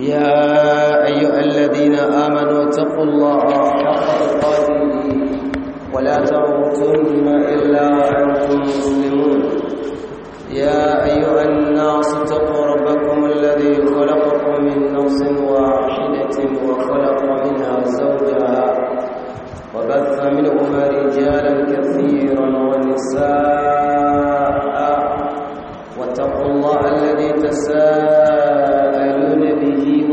يا أيها الذين آمنوا اتقوا الله حق تقاته ولا تموتن إلا وأنتم مسلمون يا أيها الناس اتقوا ربكم الذي خلقكم من نفس واحدة وخلق منها زوجها وبث منهما رجالا كثيرا ونساء واتقوا الله الذي تساءل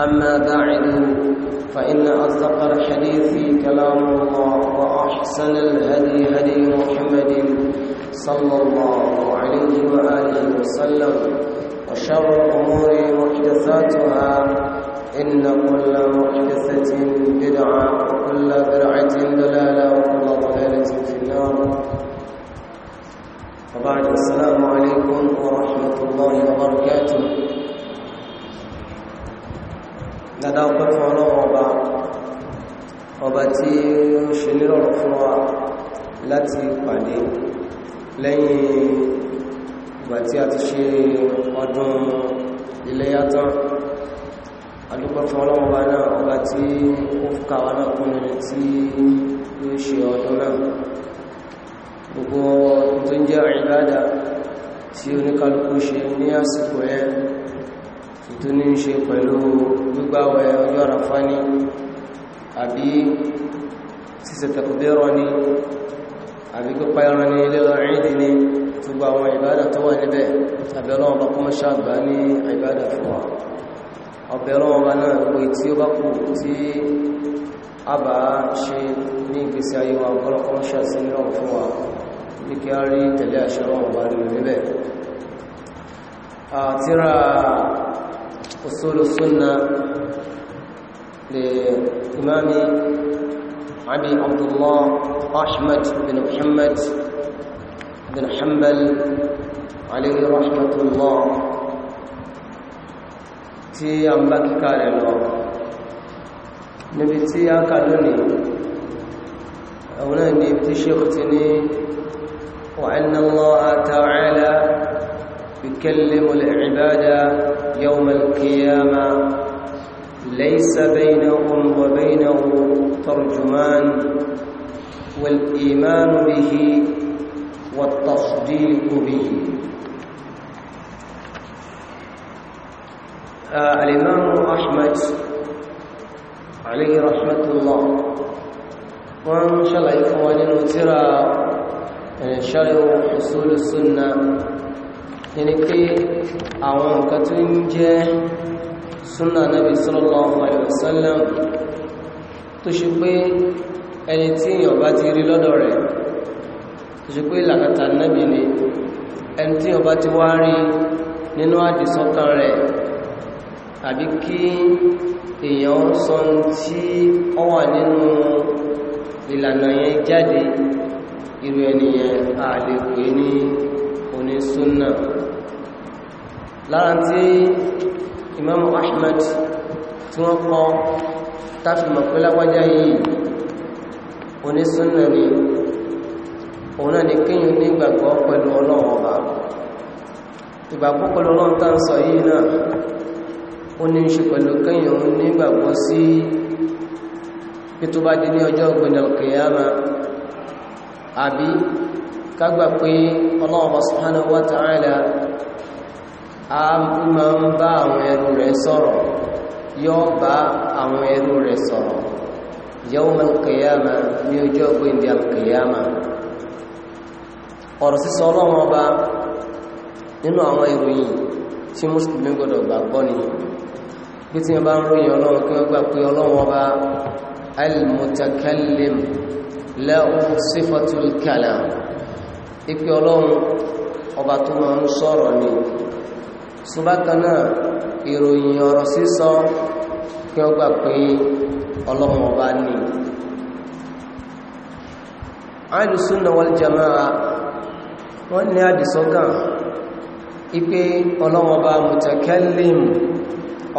أما بعد فإن أصدق الحديث كلام الله وأحسن الهدي هدي محمد صلى الله عليه وآله وسلم وشر الأمور محدثاتها إن كل محدثة بدعة وكل برعة دلالة وكل ضلالة في النار وبعد السلام عليكم ورحمة الله وبركاته Ada ọpẹ́ fún ọlọ́wọ́ ọba ọba tí ó ṣe lérọ̀rọ̀ fún wa láti pàdé lẹ́yìn ìgbà tí a ti ṣe ọdún iléyá tán adúpẹ́ fún ọlọ́wọ́ ọba náà ọba tí ó fi káwa náà kún nínú tí ó ṣe ọdún náà gbogbo tó ń jẹ́ ìbádà tí oníkálukú ṣe ní àsìkò yẹn tó ní ṣe pẹ̀lú gbígbàwẹ̀ ọjọ́ rafa ní àbí sísẹ̀ tẹ̀kùbẹ́rọ ní àbí pípa ẹran ní lílọ ìdí ní gbogbo àwọn ìbádà tó wà níbẹ̀ àbí ọlọ́run bá kọ́mọ́ ṣàgbá ní ìbádà fún wa ọ̀bẹ̀ ọlọ́run أصول السنة لإمام أبي عبد الله أحمد بن محمد بن حنبل عليه رحمة الله تي أمبك الله نبي تي أكادوني أولا نبي وأن الله تعالى يكلم العباد يوم القيامة ليس بينهم وبينه ترجمان والإيمان به والتصديق به آه الإمام أحمد عليه رحمة الله وإن شاء الله يكون شاء آه، شرع حصول السنة yẹni pé àwọn nǹkan tó ń jẹ́ súnà nàbí sallallahu alaihi wasallam tó ṣe pé ẹni tí èèyàn bá ti rí lọ́dọ̀ rẹ̀ tó ṣe pé ìlàkàtà nàbí ni ẹni tí èèyàn bá ti wá rí nínú àdìsọ́kàn rẹ̀ àbí kí èèyàn sọ tí ó wà nínú ìlànà yẹn jáde irú ẹniyẹn àlèkùn ní onísúnnà lára tí Imam Ahmad tí wọ́n kọ́ táfìmọ̀ pé lágbájá yìí onísúnnà ni òun náà ni kíyàn ní ìgbàgbọ́ pẹ̀lú ọlọ́run ọba ìgbàgbọ́ pẹ̀lú ọlọ́run tá ń sọ yìí náà ó ní ṣe pẹ̀lú kíyàn ní ìgbàgbọ́ sí a máa ń bá àwọn ẹrú rẹ̀ sọ̀rọ̀ yóò bá àwọn ẹrú rẹ̀ sọ̀rọ̀ yawm al-qiyama ní ojú ọgbẹ́ ìdí al-qiyama ọ̀rọ̀ sísọ ọlọ́run ọba nínú àwọn ìròyìn tí mùsùlùmí gbọdọ̀ gbàgbọ́ ni bí tí wọ́n bá ń ròyìn ọlọ́run kí wọ́n gbà pé ọlọ́run ọba al-mutakallim lahu sifatul kalam ọba tó máa ń sọ̀rọ̀ ni so bákan náà ìròyìn ọ̀rọ̀ sísọ kí wọ́n gbà pé ní wal jamaa wọ́n ní àdìsọ́gàn ipé ọlọ́run ọba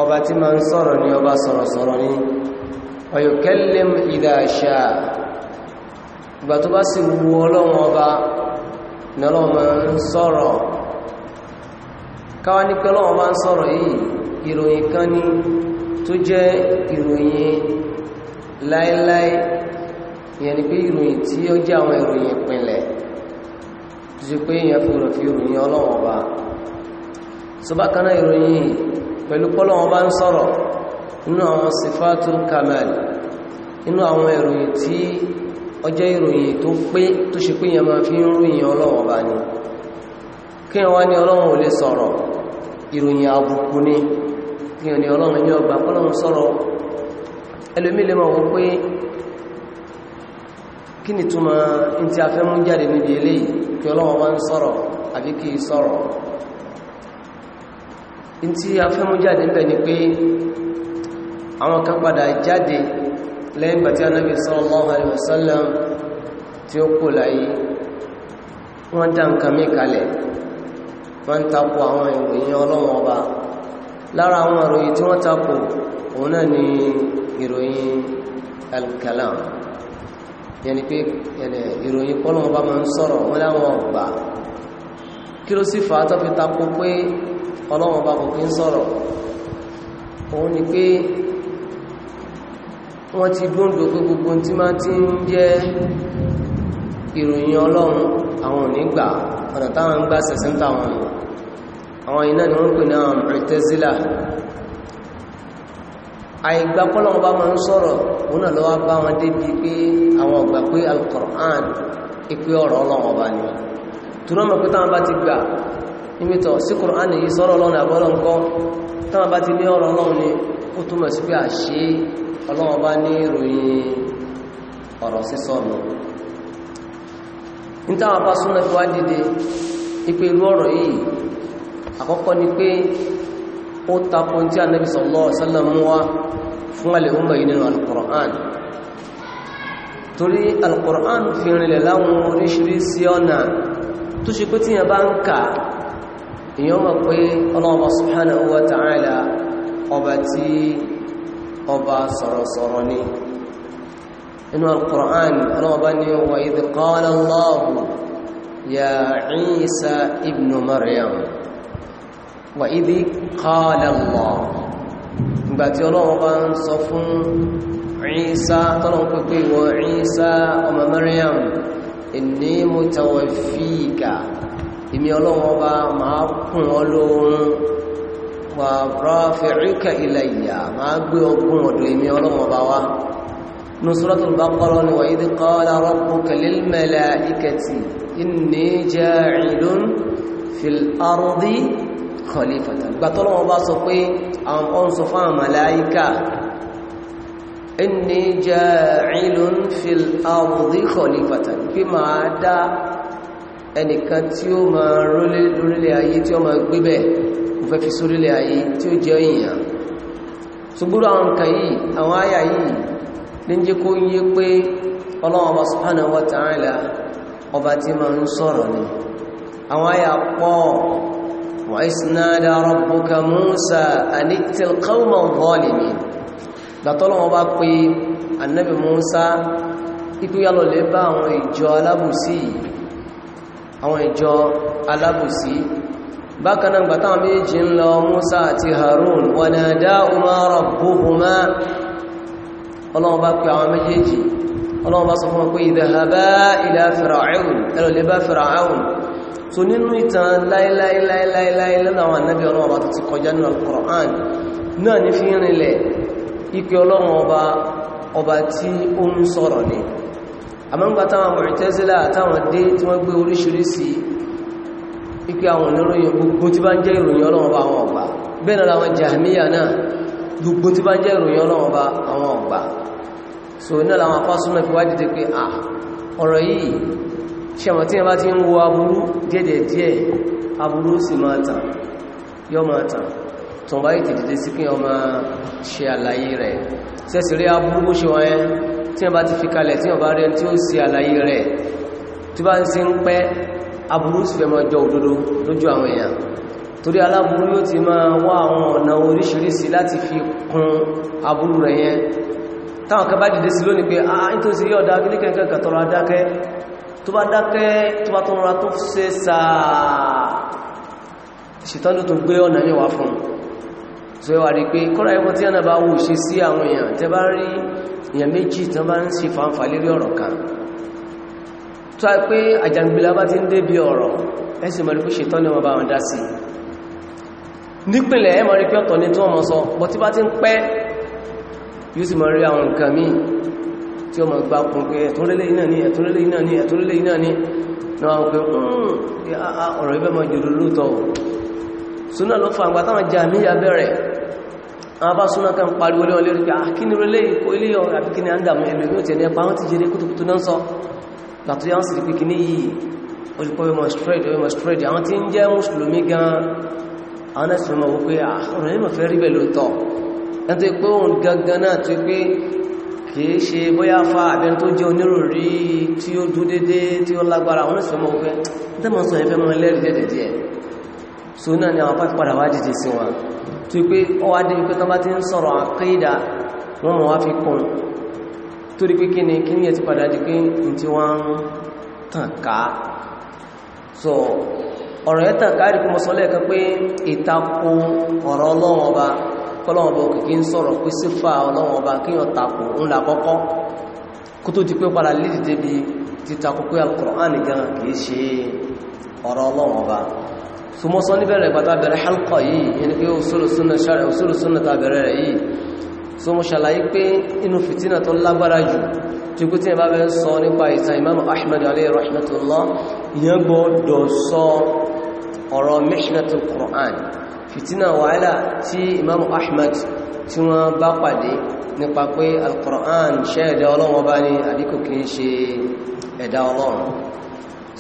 ọba tí ma ń sọ̀rọ̀ ní ọba sọ̀rọ̀sọ̀rọ̀ ní ọyọ̀kẹ́lẹ̀m idha shaa káwá ní pé ọlọ́wọ́n máa ń sọ̀rọ̀ yìí ìròyìn kan ní tó jẹ́ ìròyìn láíláí ìyẹn ni pé ìròyìn tí ó jẹ́ àwọn ìròyìn ìpìnlẹ̀ tó ṣe pé ìyẹn fi rọ̀ fi ìròyìn ọba so bákanáà ìròyìn pẹ̀lú pọ́lọ́wọ́n bá ń sọ̀rọ̀ nínú àwọn sifatul kamal nínú àwọn ìròyìn tí ó ìròyìn tó pé tó pé ìyẹn máa fi ń ròyìn kí wọ́n ní ọlọ́run ò sọ̀rọ̀ ìròyìn àbùkù ní kí wọ́n ní ọlọ́run ní ọgbà sọ̀rọ̀ ẹlòmí lè wọ́n pé kí ni túnmọ̀ in ti afẹ́ mú jáde níbi eléyìí kí ọlọ́run wá ń sọ̀rọ̀ àbí kí ni pé àwọn kan padà jáde lẹ́yìn wọ́n ń takò àwọn ìròyìn ọlọ́wọ́n ọba lára àwọn ìròyìn tí wọ́n takò òun náà ni ìròyìn alkalam yẹni pé ìròyìn pọ́lọ́wọ́n ọba máa ń sọ̀rọ̀ wọ́n láwọn ọgbà kí ló sì fà á tó fi takò pé ọlọ́wọ́n ọba kò kí ń sọ̀rọ̀ òun ni pé wọ́n ti gbóǹdò pé gbogbo tí máa ti ń jẹ́ ìròyìn ọlọ́run àwọn ò ní gbà á ọ̀nà táwọn ń gbá sẹ̀sìn táwọn àwọn iná ni wọ́n pè ní àwọn Mu'tazila àìgbà kọ́lọ̀wọ́ bá máa ń sọ̀rọ̀ òun náà lọ́wọ́ bá wọn débi pé àwọn ọ̀gbà pé Al-Qur'an ìpé ọ̀rọ̀ ọlọ́wọ́ bá ní tùrọ́ mọ̀ pé táwọn bá ti gbà níbitọ̀ sí Qur'an yìí sọ̀rọ̀ ọlọ́run àbọ́lọ́ nǹkan ni ó túmọ̀ ní táwọn apá súnmọ́ fi wá dìde ipé irú ọ̀rọ̀ yìí àkọ́kọ́ ni pé ó tako tí Ànábì sallallahu alaihi wasallam wá fún al-ummah yìí nínú al-Qur'an torí al-Qur'an fi rinlẹ̀ láwọn oríṣiríṣi ọ̀nà إنه القرآن ربني وإذ قال الله يا عيسى ابن مريم وإذ قال الله باتي الله صف عيسى طلب وعيسى أم مريم إني متوفيك إمي الله أبا معكم ولون ورافعك إلي ما أقول أبو إمي الله أبا نصرة البقرة وإذ قال ربك للملائكة إني جاعل في الأرض خليفة بطلوا باصقي أم أنصفا ملائكة إني جاعل في الأرض خليفة بما دا ẹnìkan tí ó ma rórílẹ̀ ayé tí ó ma gbébẹ̀ mo fẹ́ fi sórílẹ̀ ayé tí ó jẹ́ èèyàn ṣùgbúrú àwọn nǹkan yìí àwọn àyà yìí ní jẹ́ kó yé pé ọlọ́wọ́ subhanahu wa ta'ala ọba tí ma ń sọ̀rọ̀ ni àwọn ayà pọ̀ wa isnada rabbuka Musa anittil qawma zalimin gbàtọ́lọ́wọ́ bá pé annabi Musa ikú yálò lè bá àwọn ìjọ alábùsí àwọn bákanáà gbàtàwọn méjì ń lọ Musa àti Harun wa nadaahuma rabbuhuma ọlọ́run bá pè àwọn méjèèjì ọlọ́run bá sọ fún wọn pé ìdàhàbá ilẹ̀ fìràáhùn ẹlò lè bá fìràáhùn tó nínú ìtàn láíláíláíláí lẹ́nu àwọn ànábì ọlọ́run bá tó ti kọjá nínú al-Qur'an náà ní fi rinlẹ̀ ipe ọlọ́run ọba ọba tí ó ń sọ̀rọ̀ ni àmọ́ngbà táwọn Mu'tazila àtàwọn dé tí wọ́n gbé oríṣiríṣi ipe àwọn oníròyìn gbogbo tí bá ń jẹ́ ìròyìn ọlọ́run ọba àwọn so iná làwọn apásúnmọ̀ fi wá dìde pé à ọ̀rọ̀ yìí ṣẹmọ̀ tí wọ́n bá ti ń wo aburú díẹ̀díẹ̀ aburú sì máa tàn yọ máa tàn tó bá yìí tìdìde sí kí ọmọ ṣe àlàyé rẹ̀ sẹ́sì rí aburú bó ṣe wọ́n yẹn tí wọ́n bá ti fi kalẹ̀ tí wọ́n bá rí ẹni tí ó ṣe àlàyé rẹ̀ tí bá ń ṣe ń pẹ́ aburú sì fẹ́ máa jọ òdodo lójú àwọn èèyàn torí aláburú yóò ti máa wá àwọn ọ̀nà oríṣiríṣi láti fi kún aburú rẹ̀ yẹn táwọn kan bá dìde sí lónìí pé ah nítorí sí yọ́ dáa gílíkẹ́ kan tọrọ adákẹ́ tó bá dákẹ́ tó bá tọrọ tó ṣe sàá ṣètọ́nù tó gbé ọ̀nà yíwa fún so yíwa rí pé kọ́rọ̀ ẹgbọ́n tí ọ̀nà bá wù ṣe sí àwọn èèyàn tẹ́ bá rí èèyàn méjì tán bá ń ṣe fàǹfà lérí ọ̀rọ̀ kan tó a pé àjàngbìlá bá ti ń dé bí ọ̀rọ̀ ẹ̀sìn yóò sì máa rí àwọn nǹkan míì tí ó máa gbá kún pé ẹ̀túnlélé iná ní ẹ̀túnlélé iná ní ẹ̀túnlélé iná ní náà pé hmm, ọ̀rọ̀ ibẹ̀ máa jòdó lóòtọ́ súnà ló fa àgbà táwọn jà níyà bẹ̀rẹ̀ àwọn bá súnà kan pariwo lé wọn lérí pé àkíní ah, relé ikó ilé ọ̀rọ̀ àbí kíní àndàmú ẹ̀lú yóò tẹ̀lé ẹ̀pá wọn ti jẹ́ kútùkútù náà sọ làtọ́ yà ń ẹni tó pé òun gangan náà tó pé kìí ṣe bóyá fa àbẹ́ni tó jẹ́ oníròrí tí ó dú dédé tí ó lágbára wọn ni àwọn apá padà wá dìde sí wọn tó pé ọ wá débi pé tán bá ti ń sọ̀rọ̀ àkídà wọ́n mọ̀ wá fi torí pé kí ni kí ni ẹ̀ padà di pé n tí wọ́n ń tàn ká so ọ̀rọ̀ ẹ̀ tàn ká rí kí mo sọ lẹ́ẹ̀kan pé ìtakò ọ̀rọ̀ ọlọ́wọ́n ọba kọ́lọ́wọ́n bọ̀ kìkí ń sọ̀rọ̀ pé sífà ọlọ́wọ́n bá kíyàn takò ńlá kọ́kọ́ kó tó di pé padà lídìí débi títakò pé Al-Qur'an gan kìí ṣe ọ̀rọ̀ ọlọ́wọ́n bá sumọ́sọ́ níbẹ̀rẹ̀ ìgbàta bẹ̀rẹ̀ halqa yìí yẹni pé usulu sunna ṣàrẹ̀ usulu sunna ta bẹ̀rẹ̀ rẹ̀ yìí so mo ṣàlàyé pé inú fìtínà tó lágbára fìtínà wàhálà tí imam ahmad tí wọ́n bá pàdé nípa pé alkùrán ṣe ẹ̀dá ọlọ́run bá ní àdíkò kí ń ṣe ẹ̀dá ọlọ́run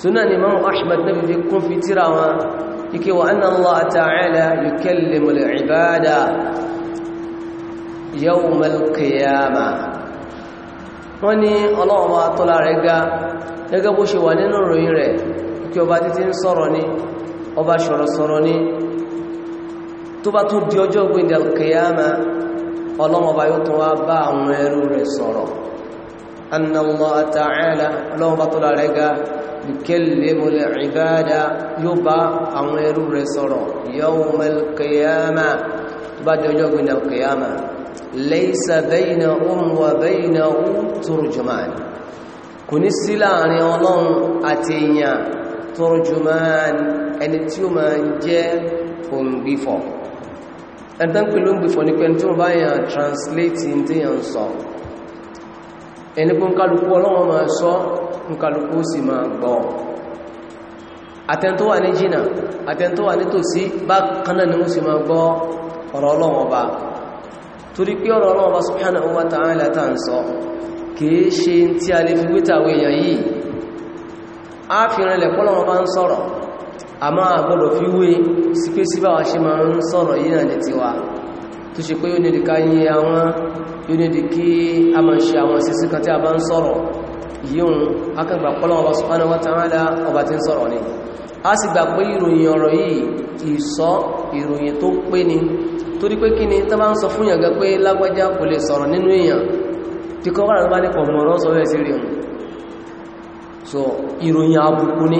súnà ni imam ahmad náà fi kún fi tíra wọn ike wa anna allah ta'ala yukallimu al-ibada yawm al wọ́n ní ọlọ́run tọ́lá rẹ̀ ga gẹ́gẹ́ bó ṣe wà nínú ìròyìn rẹ̀ kí ọba títí ń sọ̀rọ̀ ní ọba sọ̀rọ̀sọ̀rọ̀ ní tó bá tún di ọjọ́ gbẹ̀dẹ̀ kìyàmá ọlọ́mọba yóò tún wá bá àwọn ẹrú rẹ̀ sọ̀rọ̀ annallah ta'ala ọlọ́mọba tó lára ga yukallimul ibada yóò bá àwọn ẹrú rẹ̀ sọ̀rọ̀ yawmal kìyàmá tó bá di ọjọ́ gbẹ̀dẹ̀ kìyàmá ẹni tí ó máa ń jẹ́ òǹgbífọ̀ ẹ̀ntán pè ló ń gbé fọ́ní pé tí wọ́n bá yàn translate in tí yàn sọ ẹni pé nkàlùkù ọlọ́wọ́ máa sọ nkàlùkù sì máa gbọ́ àtẹ́ntó wà ní jìnà àtẹ́ntó wà ní tòsí bá kanáà ni wọ́n sì máa gbọ́ ọ̀rọ̀ ọlọ́wọ́ bá torí pé ọ̀rọ̀ ọlọ́wọ́ bá sọ a máa gbọ́dọ̀ fi wé sí pé síbà wá ṣe máa ń sọ̀rọ̀ yìí náà ní tiwa tó ṣe pé yóò nídi ká yí àwọn yóò nídi a máa ṣe àwọn sísí kan tí a bá ń sọ̀rọ̀ yíhun akẹgbà pọ́lọ́wọ́ bá subhanahu wa ta'ala ọba ni a sì gbà pé ìròyìn ọ̀rọ̀ yìí ìsọ ni torí pé kí ni tó bá ń sọ fún yàgá pé lágbájá kò lè sọ̀rọ̀ nínú èèyàn tí kọ́ wàrà tó bá ní ni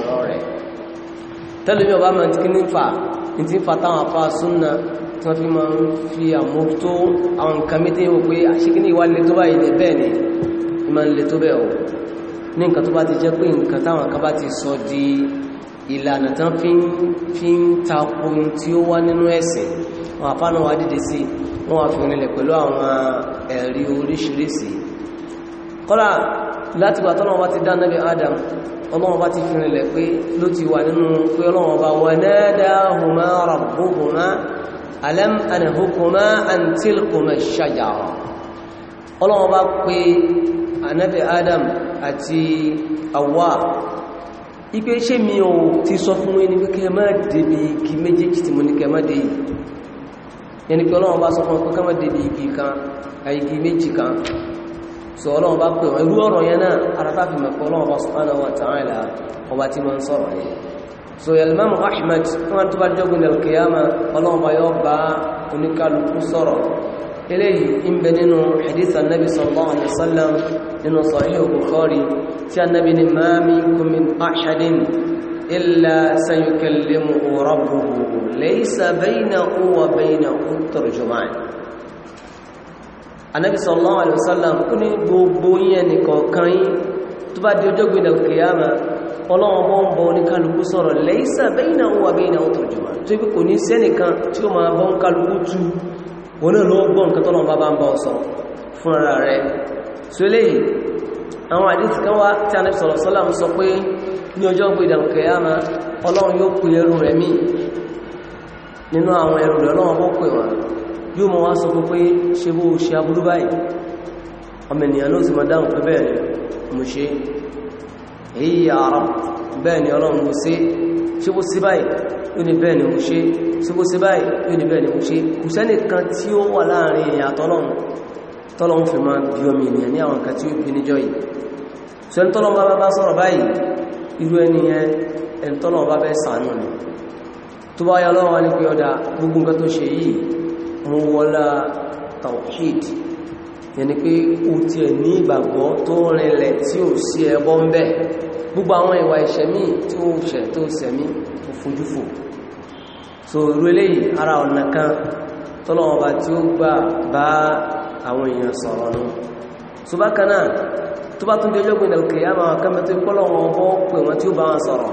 tẹ́lẹ̀mí ọba ma kí ní fà ní tí ń fa táwọn afá súnnà tí wọ́n fi ma ń fi àmójútó àwọn nǹkan mítí wọ́n pé àṣíkíní ìwà lè tó báyìí lè bẹ́ẹ̀ ni ìmá lè tó bẹ́ẹ̀ o ní nǹkan tó bá ti jẹ́ pé nǹkan táwọn kan bá ti sọ di ìlànà tán fi ń tako tí ó wá nínú ẹ̀sìn wọn afá náà wá dìde sí wọn wá fi rinlẹ̀ pẹ̀lú àwọn ẹ̀rí oríṣiríṣi kọ́lá láti gbà Adam ọlọ́wọ́ bá ti fìrin lẹ̀ pé ló ti wà nínú pé ọlọ́wọ́ bá wà nadahuma rabbuhuma alam anhukuma an tilkuma ọlọ́wọ́ bá pé anabi adam àti awa ipé ṣe mi ò ti sọ fún ẹni pé kẹ má débi igi méjèèjì tí mo ní kẹ má dé ẹni pé ọlọ́wọ́ bá sọ fún ẹni pé kẹ má débi igi kan àìgi méjì kan so ọlọ́run bá pè wọ́n irú ọ̀rọ̀ yẹn náà arábá fi mẹ́kọ́ ọlọ́run bá subhanahu wa ta'ala ọba tí wọ́n ń sọ̀rọ̀ yẹn so yalmamu ahmed tí wọ́n tó bá jọ́gun ní alkiyama ọlọ́run bá yọ bá oníkálukú sọ̀rọ̀ eléyìí ń bẹ nínú hadith annabi sallallahu alaihi wasallam nínú sahih bukhari tí annabi ni ma minkum min ahadin illa sayukallimuhu rabbuhu laysa baynahu wa baynahu tarjuman anabi sallallahu alaihi wasallam ó ní gbogbo yẹn nìkọ̀ọ̀kan yín tó bá di ọjọ́ gbìnà kìyàmà ọlọ́wọ́n bọ́ ń bọ́ ní kálukú sọ̀rọ̀ laysa bainahu wa bainahu turjuma tó kò ní sẹ́nìkan tí ó máa bọ́ ń kálukú wọn náà lọ́wọ́ gbọ́n kẹtọ́ bá ń bá fún ara so àwọn kan wá tí anabi sọ pé ní ọjọ́ ọlọ́run yóò pè ẹrù rẹ̀ míì nínú àwọn ẹrù rẹ̀ bọ́ pè wọn yóò mọ̀ wá sọ fún pé ṣe bó ṣe aburú báyìí ọmọ ènìyàn ló ti mọ̀ dáhùn pé bẹ́ẹ̀ ni mo ṣe èyí ààrọ bẹ́ẹ̀ ni ọlọ́run mo ṣe ṣe bó sí báyìí yóò ní bẹ́ẹ̀ ni mo ṣe ṣe bó sí báyìí yóò ní bẹ́ẹ̀ ni mo ṣe kò sẹ́nì kan tí ó wà láàrin ìyà tọ́lọ́run tọ́lọ́run fi máa bí ọmọ ènìyàn ní àwọn nǹkan tí ó bẹ́ sàánú ni tó bá yọ ọlọ́run wá ní pé ọ̀dà gbogbo nǹkan tó ṣe yìí mú wọ́lá tawhid yẹni pé o ti ẹ̀ ní ìgbàgbọ́ tó rinlẹ̀ tí ò sí ẹbọ ń bẹ gbogbo àwọn ìwà ìṣẹ̀mí tí ó ṣẹ̀ tó ṣẹ̀mí tó fojúfò so irú eléyìí ara ọ̀nà kan tọ́lọ́wọ́ba tí ó gbà bá àwọn èèyàn sọ̀rọ̀ nù so bákan náà tó bá tún di ológun ilẹ̀ òkè yá máa kẹ́mẹ́ tó pọ́lọ̀ wọn bọ́ pè wọn tí ó bá wọn sọ̀rọ̀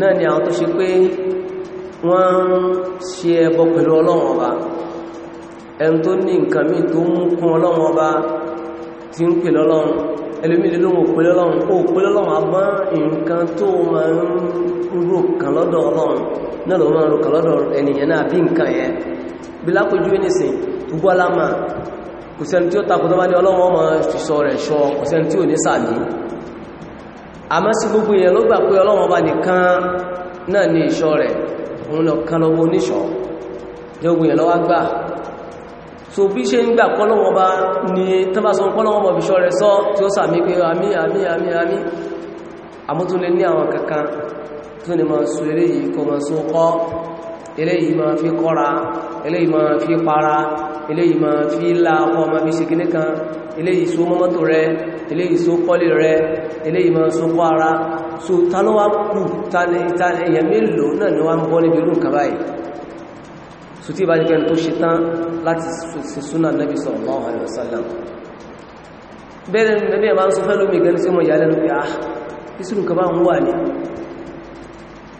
náà ni ẹn tó ní nǹkan mí tó mú kún ọlọ́run ọba tí ń pè lọ́lọ́run ẹlòmílẹ̀ ló mọ̀ pé lọ́lọ́run ó pé lọ́lọ́run àbá nǹkan tó máa ń rò kàn lọ́dọ̀ ọlọ́run náà ló máa ń rò kàn lọ́dọ̀ ènìyàn náà bí nǹkan yẹn bí lápójú ẹnìsìn gbogbo aláma kò sẹ́ni tí ó takùtọ́ bá ní ọlọ́run ọmọ ṣìṣọ́ rẹ̀ ṣọ kò òun lọ kan lọ́wọ́ oníṣọ́ jẹ́ gbogbo èèyàn lọ́wọ́ gbà so bí ṣe ń gbà kọ́lọ́wọ́ bá ní tánbàsọ kọ́lọ́wọ́ bọ̀ bíṣọ́ rẹ̀ sọ tí ó sàmì pé àmì àmì àmì àmì àmútúnlé ní àwọn kankan tó ní máa so eléyìí kọ máa so kọ́ eléyìí máa fi kọ́ra eléyìí máa fi para eléyìí máa fi la ọkọ̀ máa fi ṣe kíní kan eléyìí so mọ́mọ́tò rẹ eléyìí so kọ́lé rẹ eléyìí máa so kọ́ so tí ìbájú kẹni tó ṣe tán láti ṣe súnà nẹ́bí sallallahu alaihi wasallam bẹ́ẹ̀ nẹ́bí ẹ̀ máa ń sọ fẹ́ lómi gan sí ọmọ ìyá lẹ́nu pé ah ìsìnkú kan bá ń wà ní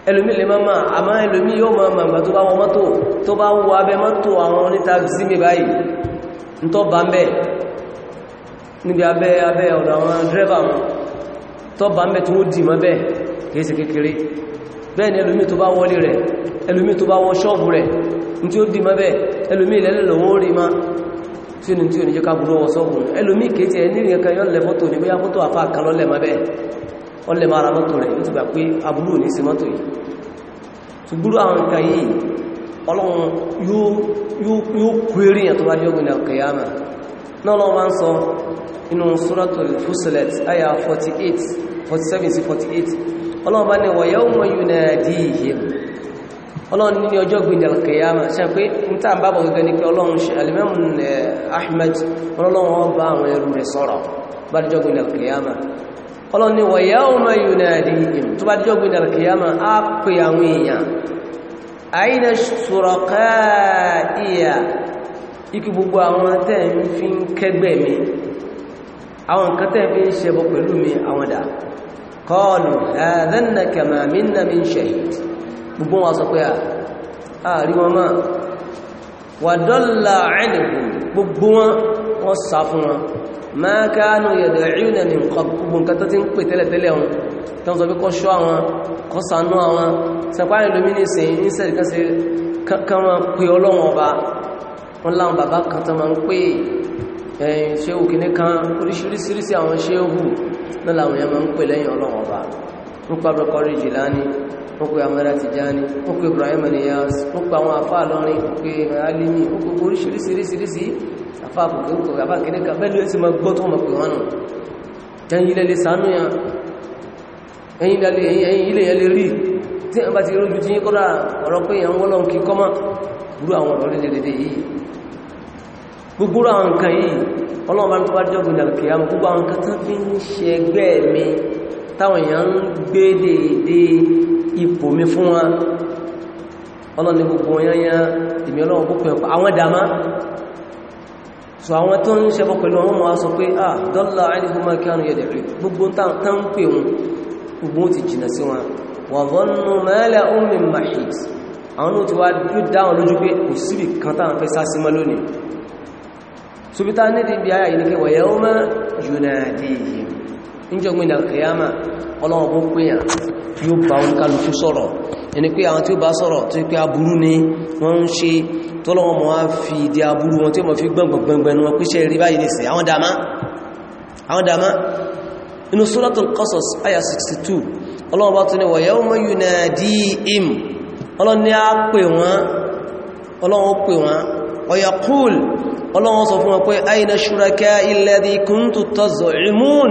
ẹlòmí lè máa máa àmá ẹlòmí yóò máa máa gbà tó bá wọn mọ́tò tó bá wọ abẹ mọ́tò àwọn oníta zimi báyìí ń tọ́ bá ń bẹ̀ níbi abẹ́ abẹ́ ọ̀dọ̀ àwọn dírẹ́bà wọn tọ́ bá ń bẹ̀ tó dì mọ́ bẹ́ẹ̀ kìí kékeré bẹ́ẹ̀ tí ó dì mọ́ bẹ́ẹ̀ ẹlòmí ilẹ̀lẹ̀ lòun ka rí ma tí ó ní tí ó ní jẹ́ káàkiri ọwọ́ sọ́gùn ẹlòmí kéèkì ẹni rí ẹka yọ́lẹ̀ fọ́tò ní bóyá fọ́tò àfá kan lọ́lẹ̀ ma bẹ́ẹ̀ ọlẹ̀ ma ara mọ́tò rẹ̀ ó ti gbà pé aburú ní sí mọ́tò yìí ṣùgbúrú àwọn nǹkan yìí ọlọ́run yóò kú eré yẹn tó bá jọ́gùn ní náà lọ́wọ́ ń sọ inú 47 sí 48 ọlọ́run bá ní ọlọ́run ní ọjọ́ gbìndẹ̀ alkiyama ṣe pé n tàà bá bọ̀ gẹ́gẹ́ ní pé ọlọ́run ṣe alimẹ́mùn eh, ahmed ọlọ́run bá àwọn ẹrù rẹ̀ sọ̀rọ̀ bá dìjọ́ gbìndẹ̀ alkiyama ọlọ́run ni wa yawma yunadihim tó bá dìjọ́ gbìndẹ̀ alkiyama á pè àwọn èèyàn àyínà ṣùrọ̀káàíyà ikú gbogbo àwọn tẹ́ gbogbo wọn sọ pé ààrí wọn máa wà dọ́là ẹ̀nìkù gbogbo wọn wọ́n sá fún wọn máa káánù yẹ̀dẹ̀ ìrìnà ní gbogbo nǹkan tó ti ń pè tẹ́lẹ̀tẹ́lẹ̀ wọn tó ń sọ pé kọ́ ṣọ́ àwọn kọ́ sànú àwọn sẹpáàrin lómi ní ìsìn ìsẹ̀rì kan sí kankan wọn pè ọlọ́wọ́n ọba wọn láwọn bàbá kan náà làwọn èèyàn máa ń pè lẹ́yìn ọlọ́wọ́n ọba ń pàbọ̀kọ́rí jìlá ní wọ́n pe amẹ́rẹ́ Tijani wọ́n pe Ibrahim Niyas wọ́n pe àwọn afá lọ́rin wọ́n pe alimi wọ́n pe oríṣiríṣiríṣi afá àbùkù wọ́n pe abákẹ́lẹ́ kan bẹ́ẹ̀ ló sì máa gbọ́ tó wọ́n pe wọn nù ya ẹ̀yìn ilẹ̀ yẹn lè rí tí wọ́n bá ti rójú tí yí kọ́ra ọ̀rọ̀ pé yẹn wọ́n lọ́n kí kọ́má burú àwọn ọ̀rọ̀ lédèdè yìí gbogbo àwọn nǹkan yìí ọlọ́run bá ń tọ́wá jọ́gbìn mi táwọn èèyàn ń gbé déédéé ipò mi fún wọn ọlọ́ni gbogbo yányá ìmì ọlọ́run púpọ̀ ẹ̀kọ́ àwọn dàmá so àwọn tó ń ṣẹbọ pẹ̀lú àwọn ọmọ sọ pé ah dọ́là àìlúgbọ́mọ́ kí ánú yẹ̀dẹ̀ rí gbogbo tán pè wọn gbogbo ti jìnà sí wọn wà vọ́nù mẹ́lẹ̀ omi mahid àwọn ló ti wá dúdú dáwọn lójú pé kò síbì kan táwọn fẹ́ sá sí yìí ní kí wà yẹ́wọ́ mẹ́ yunadihim níjọ́gbìn yóò bá oníkálukú sọ̀rọ̀ ẹni pé àwọn tí ó bá sọ̀rọ̀ tó pé aburú ni wọ́n ń ṣe tọ́lọ́wọ́n mọ́ á fi ìdí aburú wọn tí ó mọ̀ fi gbọ̀ngbọ̀ngbọ̀n wọn pèsè rí 62 ọlọ́wọ́n bá tún ní wa yawma yunadihim ọlọ́wọ́n ni a pè wọ́n ọlọ́wọ́n pè wọ́n wa yaqul ọlọ́wọ́n sọ fún wọn pé ayna shuraka'i alladhi kuntum taz'imun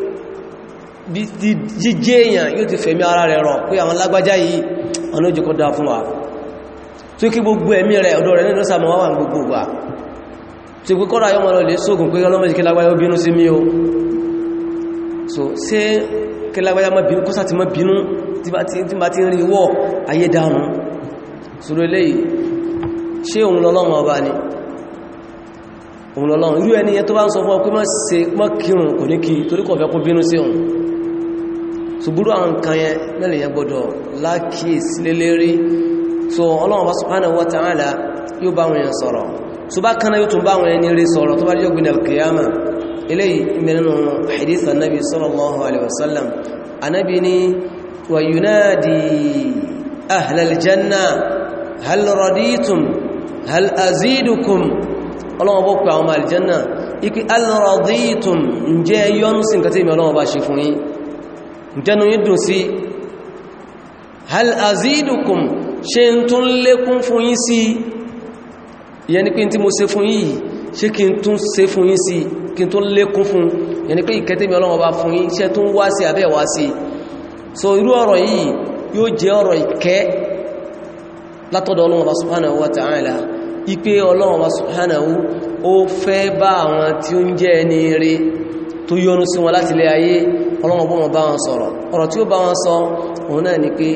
jíjé èèyàn yóò ti fẹ̀mí ara rẹ̀ rọ̀ pé àwọn lágbájá yìí ọ̀nà òjòkó dá fún wa tó kí gbogbo ẹ̀mí rẹ̀ ọ̀dọ̀ rẹ̀ nínú sàmọ́ wà gbogbo wà tí pé kọ́ra yọ́mọ̀ lọ lè sógun pé ọlọ́mọ̀jì kí lágbájá bínú sí mí o so ṣe kí lágbájá mọ́ bínú kọ́sà ti mọ́ bínú tí bá ti rí wọ́ ayé dánú sọ̀rọ̀ eléyìí ṣe òun lọ́lọ́mọ̀ ọba ni òun lọ́lọ́run irú ẹni yẹn tó bá ń sọ fún ọ pé mọ́ kírun kò ní kí torí kọ̀fẹ́ kó bínú sí òun ṣùgbúrú àwọn nǹkan yẹn mẹ́lẹ̀ yẹn gbọdọ̀ lákìísí lélẹ́rí so ọlọ́run bá subhanahu wa ta'ala yóò bá wọn yẹn sọ̀rọ̀ tó bá kaná yóò tún bá wọn yẹn ní rí sọ̀rọ̀ tó bá yóò gbìn alkiyama eléyìí mẹ́rinú hadith anabi sallallahu alaihi wasallam anabi ni wa yunadi ntẹnu yí dùn sí hal azidukum ṣe n tún lékún fún yín sí ìyẹn ni pé tí mo ṣe fún yín ṣe kí n tún ṣe fún yín sí kí n tún lékún fún ìyẹn ni pé ìkẹtẹ́mi ọlọ́wọ́ bá fún yín ṣe tún wá sí abẹ́ wá sí so irú ọ̀rọ̀ yìí yóò jẹ́ ọ̀rọ̀ ìkẹ́ látọ̀dọ̀ ọlọ́wọ́ wa ta'ala ipe ọlọ́wọ́ subhanahu ó fẹ́ bá àwọn tí ọlọ́wọ́ bọ́ wọn bá wọn sọ̀rọ̀ ọ̀rọ̀ tí ó bá wọn sọ òun náà ni pé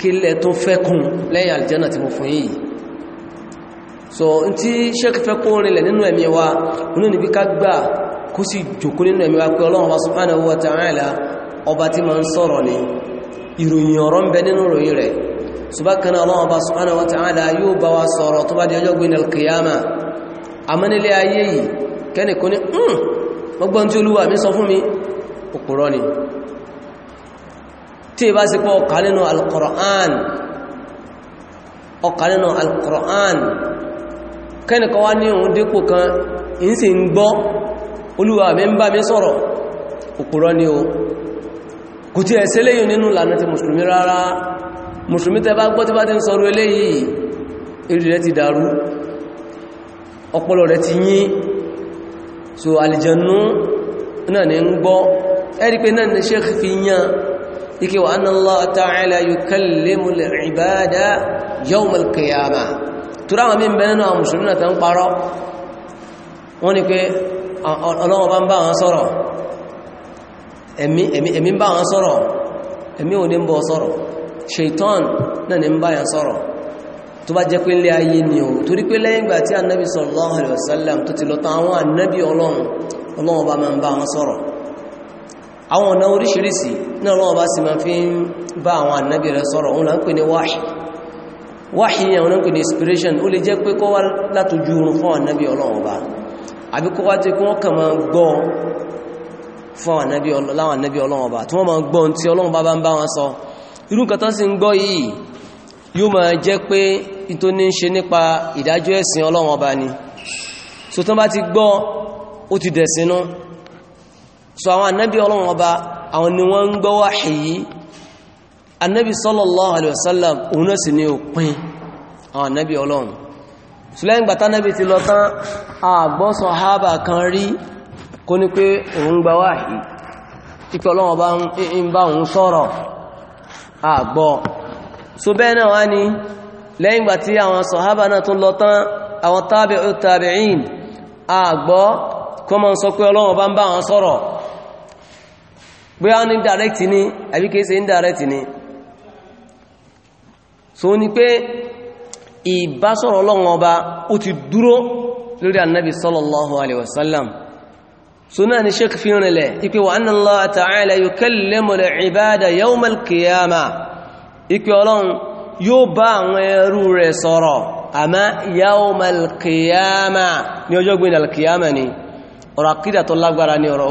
kílẹ̀ tó fẹ́kùn lẹ́yìn àlìjánà tí mo fún yìí so n tí sẹ́kì fẹ́ kó rinlẹ̀ nínú ẹ̀mí wa òun níbi ká gbà kó sì jòkó nínú ẹ̀mí wa pé ọlọ́wọ́ ni ìròyìn ọ̀rọ̀ ń bẹ nínú ìròyìn rẹ̀ subhanahu wa ta'ala bá sọ̀rọ̀ tó hmm, tí olúwa mi sọ fún mi òpùrọ́ ni tí ìbá sí pọ́ ọ̀kà nínú alkùrán ọ̀kà nínú alkùrán kẹ́nìkan wá ní òun dípò kan in sì ń gbọ́ olúwa mi ń bá mi sọ̀rọ̀ òpùrọ́ ni o kò tí ẹ̀sẹ́ léyìn nínú lànà ti mùsùlùmí rárá mùsùlùmí tẹ bá gbọ́ tí bá ti ń sọ̀rọ̀ eléyìí eré rẹ̀ ti dàrú ọpọlọ rẹ̀ ti yín so àlìjẹnú náà ni ń gbọ́ ẹ̀rí pé náà ni sheikh fi yán ike wa anna Allah ta'ala yukallimul ibada yawmal qiyamah tura wọn mi ń bẹ́ẹ̀ náà mùsùlùmí náà ta ń parọ́ wọ́n ni pé ọlọ́wọ́ bá ń bá wọn tó bá jẹ́ pé lé ayé ni o torí pé lẹ́yìn ìgbà tí annabi sallallahu alaihi wasallam tó ti lọ àwọn annabi ọlọ́run ọlọ́run bá máa bá wọn sọ̀rọ̀ àwọn ọ̀nà oríṣiríṣi náà lọ́wọ́ bá sì máa fi ń bá àwọn ànábì rẹ̀ sọ̀rọ̀ òun là ń pè ní wáhì wáhì ni àwọn ń pè ní inspiration ó lè jẹ́ pé kó wá látojú oorun fún ànábì ọlọ́wọ́ bá àbí kó wá tí wọ́n kàn máa gbọ́ fún ànábì ọlọ́wọ́ bá tí wọ́n máa gbọ́ tí ọlọ́wọ́ bá bá ń bá wọn sọ irú nǹkan tó sì ń gbọ́ yìí yóò máa jẹ́ pé ìtò ní ṣe nípa ìdájọ́ ẹ̀sìn ti gbọ́ ó ti dẹ̀sínú so àwọn annabi ọlọ́run ọba àwọn ni wọ́n ń gbọ́ wahyi annabi sallallahu alaihi wasallam òun náà sì ní òpin àwọn annabi ọlọ́run ṣùlẹ́yìn gbàtà annabi ti lọ tán àgbọ́ sàhábà kan rí kó ní pé òun gba wahyi ipẹ́ ọlọ́run ọba ń bá òun sọ̀rọ̀ àgbọ́ so bẹ́ẹ̀ náà sọ pé ọlọ́run ọba ń bá àwọn sọ̀rọ̀ bóyá ní direct ní àbí kìí ṣe indirect ní so ni pé ìbásọ̀rọ̀ ọlọ́run ọba ó ti dúró lórí annabi sallallahu alaihi wasallam so náà ni sheik fi rinlẹ̀ ipe wa anna Allah ta'ala yukallimu al-ibada yawm al-qiyama ipe ọlọ́run yóò bá àwọn ẹrú rẹ̀ sọ̀rọ̀ àmá yawm al ni ọjọ́ gbìn ọ̀rọ̀ akídà tó lágbára ni ọ̀rọ̀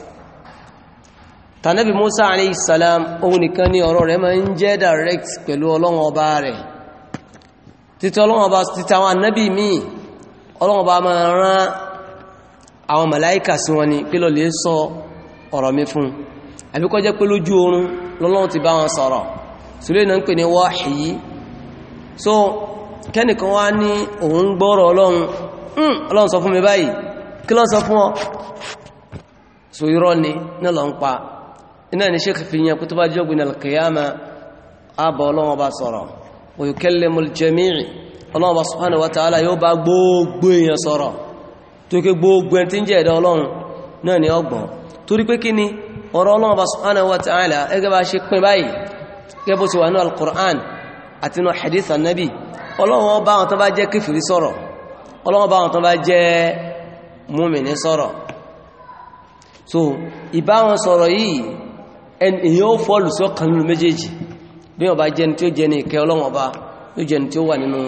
tànẹ́bì Musa alayhi salam òun nìkan ní ọ̀rọ̀ rẹ̀ máa ń jẹ́ direct pẹ̀lú ọlọ́run ọba rẹ̀ títí ọlọ́run ọba títí àwọn anábì míì ọlọ́run ọba máa rán àwọn màláíkà sí wọn ni pé lọ lè sọ ọ̀rọ̀ mi fún àbí kó jẹ́ pé lójú oorun lọ́lọ́run ti bá wọn sọ̀rọ̀ sílé náà ń pè ní wáhìí so kẹ́nìkan wá ní òun gbọ́rọ̀ ọlọ́run hmm, ọlọ́run sọ fún mi báyìí kí ló sọ fún ọ so irọ́ ni náà lọ ń pa iná ni ṣe fi yẹn kú tó bá jọ́gbìn alkiyama àbọ̀ ọlọ́wọ́ bá sọ̀rọ̀ wa yukallimul jami'i ọlọ́wọ́ bá subhanahu wa ta'ala yóò bá gbogbo èèyàn sọ̀rọ̀ tó ké gbogbo ẹni tí ń jẹ́ ẹ̀dá ọlọ́run náà ni ọgbọ̀n torí pé kíni ọ̀rọ̀ ọlọ́wọ́ bá subhanahu wa ta'ala ẹgẹ́ bá ṣe pín báyìí gẹ́gẹ́ so ìbá wọn sọ̀rọ̀ yìí èyàn ó fọ́ọ̀lù sí ọ̀kan nínú méjèèjì bí ọba jẹni tí ó jẹni ìkẹ́ Ọlọ́run Ọba yóò jẹni tí ó wà nínú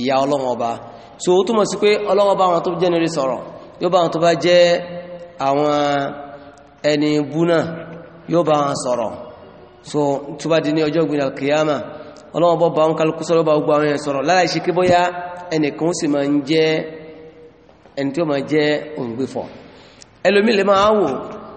ìyà Ọlọ́run so ó túnmọ̀ sí pé Ọlọ́run Ọba àwọn tó jẹni rí sọ̀rọ̀ yóò bá àwọn tó bá ẹni so tó bá di ní ọjọ́ ìgbìyàn kìyàmà Ọlọ́run Ọba àwọn kálukú sọ̀rọ̀ bá gbogbo àwọn yẹn sọ̀rọ̀ láì ṣe kí bóyá ẹnìkan sì máa ń tí ó máa jẹ́ òǹgbẹ́fọ̀ ẹlòmíì lè máa wò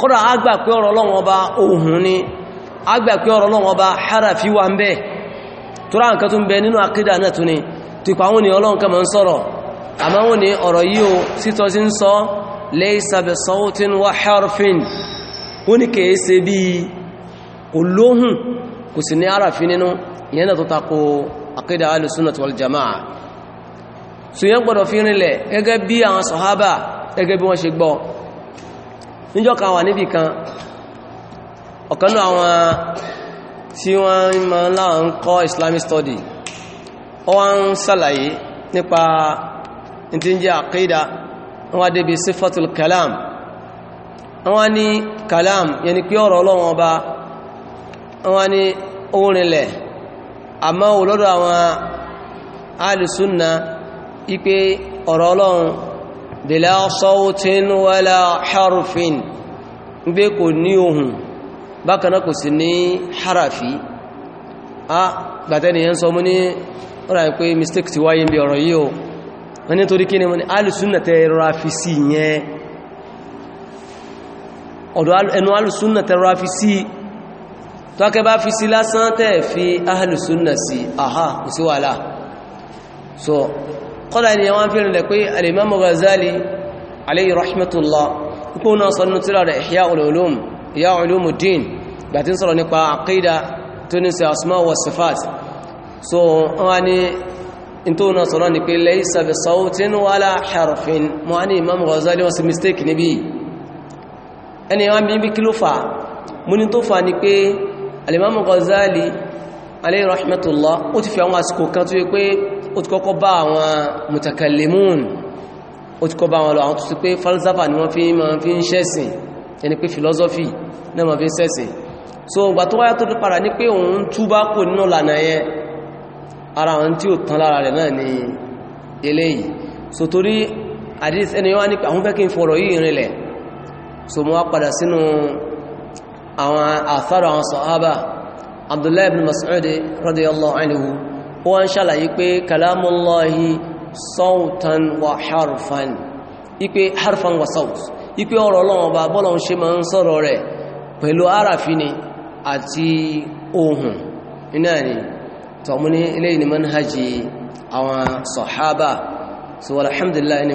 kọ́dà agbà pé ọ̀rọ̀ Ọlọ́run ọba ohun ni agbà pé ọ̀rọ̀ Ọlọ́run ọba harafi wa ń bẹ́ tó rá nǹkan tó ń bẹ nínú akídà náà tún ni ti pa wọn ni Ọlọ́run kama ń sọ̀rọ̀ àmá wọn ni ọ̀rọ̀ yìí o sítọ́ sí ń sọ laysa gẹ́gẹ́ bí àwọn sọ̀hábà gẹ́gẹ́ bí wọ́n ṣe gbọ́ níjọ́ kan wà níbì kan ọ̀kan àwọn tí wọ́n ma ń ń kọ́ Islamic study ó wá ń sàlàyé nípa tí àkídà wọ́n wá débi kalam wọ́n ní kalam yẹn pé ọ̀rọ̀ ọba wọ́n ní orinlẹ̀ àmọ́ àwọn ipé ọ̀rọ̀ bìlá sọ́wọ́tín wọ́lá harfin ń gbé kò ní ohun bákaná kò sí ní harafi a gbàtẹ́ni yẹn sọ mú ní ọ̀rọ̀ pé mistake ti wáyé bí ọ̀rọ̀ yìí o wọ́n ní torí kí ni mọ́ ní alùsúnnà tẹ́ rọra fi sí yẹn ọ̀dọ̀ ẹnu alùsúnnà so kọ́lá ni wọ́n fi rinlẹ̀ pé al-Imam Ghazali alayhi rahmatullah kó náà sọ nínú tíra rẹ̀ Ihya Ulum Ihya Ulumuddin gbàtí ń sọ̀rọ̀ nípa àkídà tó ní sí asma wa sifat so wọ́n ni in tó náà sọ̀rọ̀ ní pé laysa bi sawtin wala harfin mọ́ ní Imam Ghazali wọ́n sí mistake níbi ẹni wọ́n bí bí kí ló fà mú ní tó fà ní pé al-Imam Ghazali alayhi rahmatullah ó ti fi àwọn àsìkò kan tó yẹ pé ó ti kọ́kọ́ bá àwọn mutakallimun ó ti kọ́ bá wọn lọ àwọn tó ti pé falsafa ni wọ́n fi ma fi ń ṣẹ̀sìn ẹni pé philosophy náà ma fi ń ṣẹ̀sìn so ìgbà tó wáyá tó tó padà ní pé òun túbá kò nínú lànà yẹn ara àwọn tí ó tán lára rẹ̀ náà ni eléyìí so torí àdíṣ ẹni wá ní pé àwọn fẹ́ kí n fọ̀rọ̀ yìí rinlẹ̀ so mo wá padà sínú àwọn àfẹ́rọ àwọn sahaba Abdullahi ibn Mas'ud radiyallahu anhu wọ́n ṣàlàyé pé kalamullahi Sautan wa harfan ipe harfan wa Saut. ipe ọ̀rọ̀ ọlọ́wọ́n bá bọ́lọ̀ ṣe ma ń rẹ̀ pẹ̀lú arafi ni àti ohun iná ni tọ̀mú ní ilé ìní manhaji àwọn sọ̀hábà so alhamdulillah ni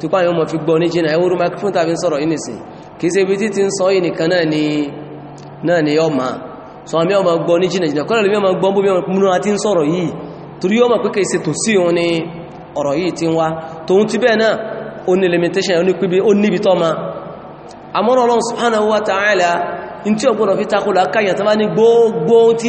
tó pàyàn mọ̀ fi gbọ́ ní jìnà ẹwúrú microphone tàbí ń sọ̀rọ̀ inìsì kìí ṣe ibi tí ti ń sọ yìí nìkan náà ni náà ni ọmọ sọ àmì ọmọ gbọ́ ní jìnà jìnà kọ́lẹ̀ lómi ọmọ gbọ́ bóbi múnú àti ń sọ̀rọ̀ ni ọ̀rọ̀ yìí ti ń wá tòun ti bẹ́ẹ̀ náà ó ní limitation ó ní píbi ó níbi tọ́ ma àmọ́rọ̀ Ọlọ́run subhanahu wa ta'ala in tí ọgbọ́dọ̀ fi takò lákàyàn tó bá ní gbogbo tí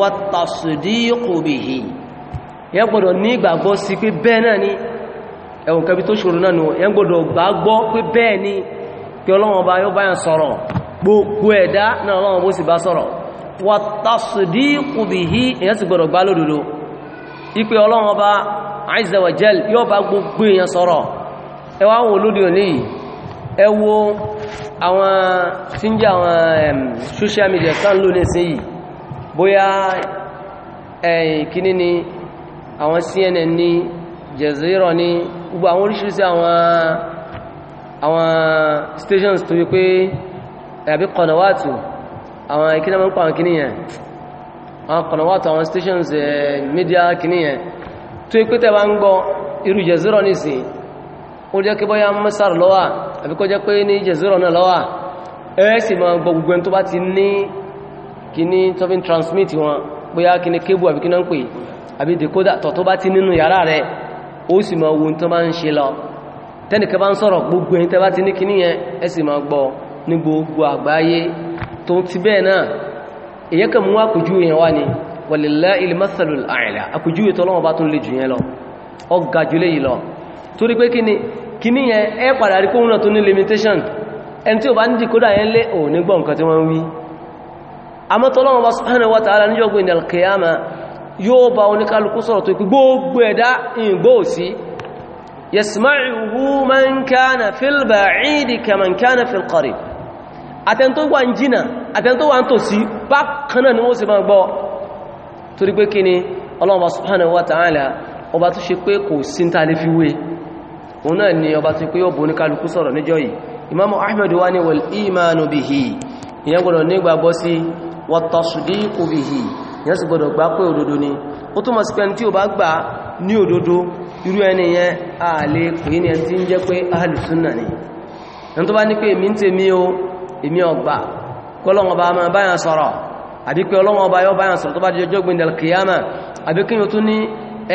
wàtàṣìdíkò bèhì ẹ gbọ́dọ̀ ní ìgbàgbọ́ sí pé bẹ́ẹ̀ náà ni ẹ̀wọ̀n kẹbi tó ṣòro náà nù ẹ gbọ́dọ̀ gbàgbọ́ pé bẹ́ẹ̀ ni pé ọlọ́wọ́n bá yóò báyàn sọ̀rọ̀ gbogbo ẹ̀dá náà ọlọ́wọ́n bó sì bá sọ̀rọ̀ sọ̀rọ̀ ẹ àwọn tí ń jẹ́ àwọn social media kan lónìí sí yìí bóyá ẹ̀yìn eh, kíní ni àwọn CNN ní Jazeera ní gbogbo àwọn oríṣiríṣi àwọn àwọn stations tó wípé eh, àbí kọ̀nàwàtù àwọn ìkíní mọ́ ń pa àwọn kíní yẹn àwọn kọ̀nàwàtù àwọn stations eh, media kíní yẹn tó ikú tẹ́ bá ń gbọ́ irú Jazeera ní sí ó jẹ́ kí bóyá Masar lọ́wà àbíkọ́ jẹ́ pé ní Jazeera náà lọ́wà ẹ́ sì máa tó bá ti ní kíní tó fi ń transmit wọn bóyá kíní cable àbí kíní ń pè àbí decoder tọ̀ tó bá ti nínú yàrá rẹ̀ ó sì máa wo tó bá ń ṣe lọ tẹ́nìkan bá ń sọ̀rọ̀ gbogbo ẹni tẹ́ bá ti ní kíní yẹn ẹ sì máa gbọ́ ní gbogbo àgbáyé tó ti bẹ́ẹ̀ náà èyẹ́ kàn limitation ẹni tí ò bá ní dìkódà yẹn lé àmọ́ tọ́lọ́wọ́ bá subhanahu wa ta'ala níjọ́gbé ní alkiyama yóò bá oníkálukú sọ̀rọ̀ tó ikú gbogbo ẹ̀dá ìgbò sí yasma'uhu man kana fil ba'idi ka man kana fil qarib àtẹ́ntó wà ń jìnà àtẹ́ntó wà ń ọba tó ṣe pé kò sí ta fi wé òun náà ni ọba tó pé yóò bó sọ̀rọ̀ níjọ́ yìí imamu ahmed wa wal imanu bihi ìyẹn nígbàgbọ́ sí wa tasdiqu bihi yẹn sì gbọdọ̀ gbá pé òdodo ni ó túnmọ̀ sí pẹ́ni tí ó bá gbà ní òdodo irú ẹni yẹn a lè ní ẹni tí ń jẹ́ pé ahàlùsúnà ni ẹni tó bá ní pé èmi ń tèmi o èmi ọgbà kọ́lọ́wọ́n bá máa báyàn sọ̀rọ̀ àbí pé ọlọ́wọ́n bá yọ báyàn sọ̀rọ̀ tó bá jẹjọ́ gbìndẹ̀ kìyàmà àbí kí o tún ní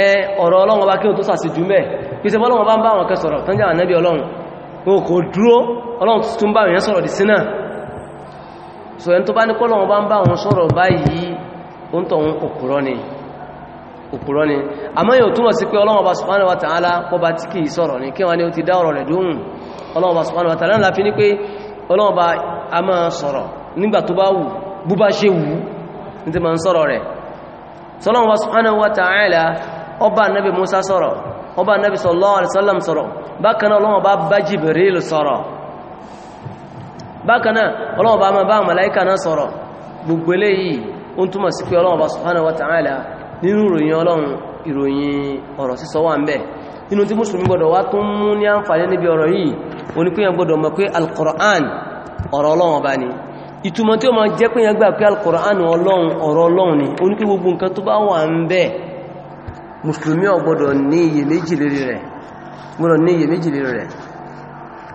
ẹ ọ̀rọ̀ ọlọ́wọ́n bá kí o tó sàsì jù mẹ́ pí sẹ bọ́lọ́wọ́n bá ń bá wọn kẹ sọ̀rọ̀ tán jẹ́ ànábì so ẹni tó bá ní kọ́ lọ́wọ́ bá ń bá wọn sọ̀rọ̀ báyìí ó ń tọ̀hún òkúrọ́ ni òkúrọ́ ni àmọ́ yóò túnmọ̀ sí pé Ọlọ́hun Ọba subhanahu wa ta'ala pọ́ba tí kìí sọ̀rọ̀ ni kí wọ́n ní ó ti dá ọ̀rọ̀ rẹ̀ dóhùn Ọlọ́hun Ọba subhanahu wa ta'ala ńlá fi ní pé Ọlọ́hun Ọba a máa sọ̀rọ̀ nígbà tó bá wù bú bá ṣe wù ní ti máa ń sọ̀rọ̀ rẹ̀ Ọlọ́hun Ọba subhanahu wa ta'ala ó Nabi Musa sọ̀rọ̀ ó Nabi sallallahu alaihi wasallam sọ̀rọ̀ bákan náà ba Ọba bá Jibril sọ̀rọ̀ bákanáà ọlọ́wọ́ bá máa bá màláíkà náà sọ̀rọ̀ gbogbo eléyìí ó ń túmọ̀ sí pé ọlọ́wọ́ bá subhanahu wa ta'ala nínú ìròyìn ọlọ́run ìròyìn ọ̀rọ̀ sísọ wà ń bẹ nínú tí mùsùlùmí gbọdọ̀ wá tó mú ní àǹfààní níbi ọ̀rọ̀ yìí oníkúyàn gbọdọ̀ mọ̀ pé al ni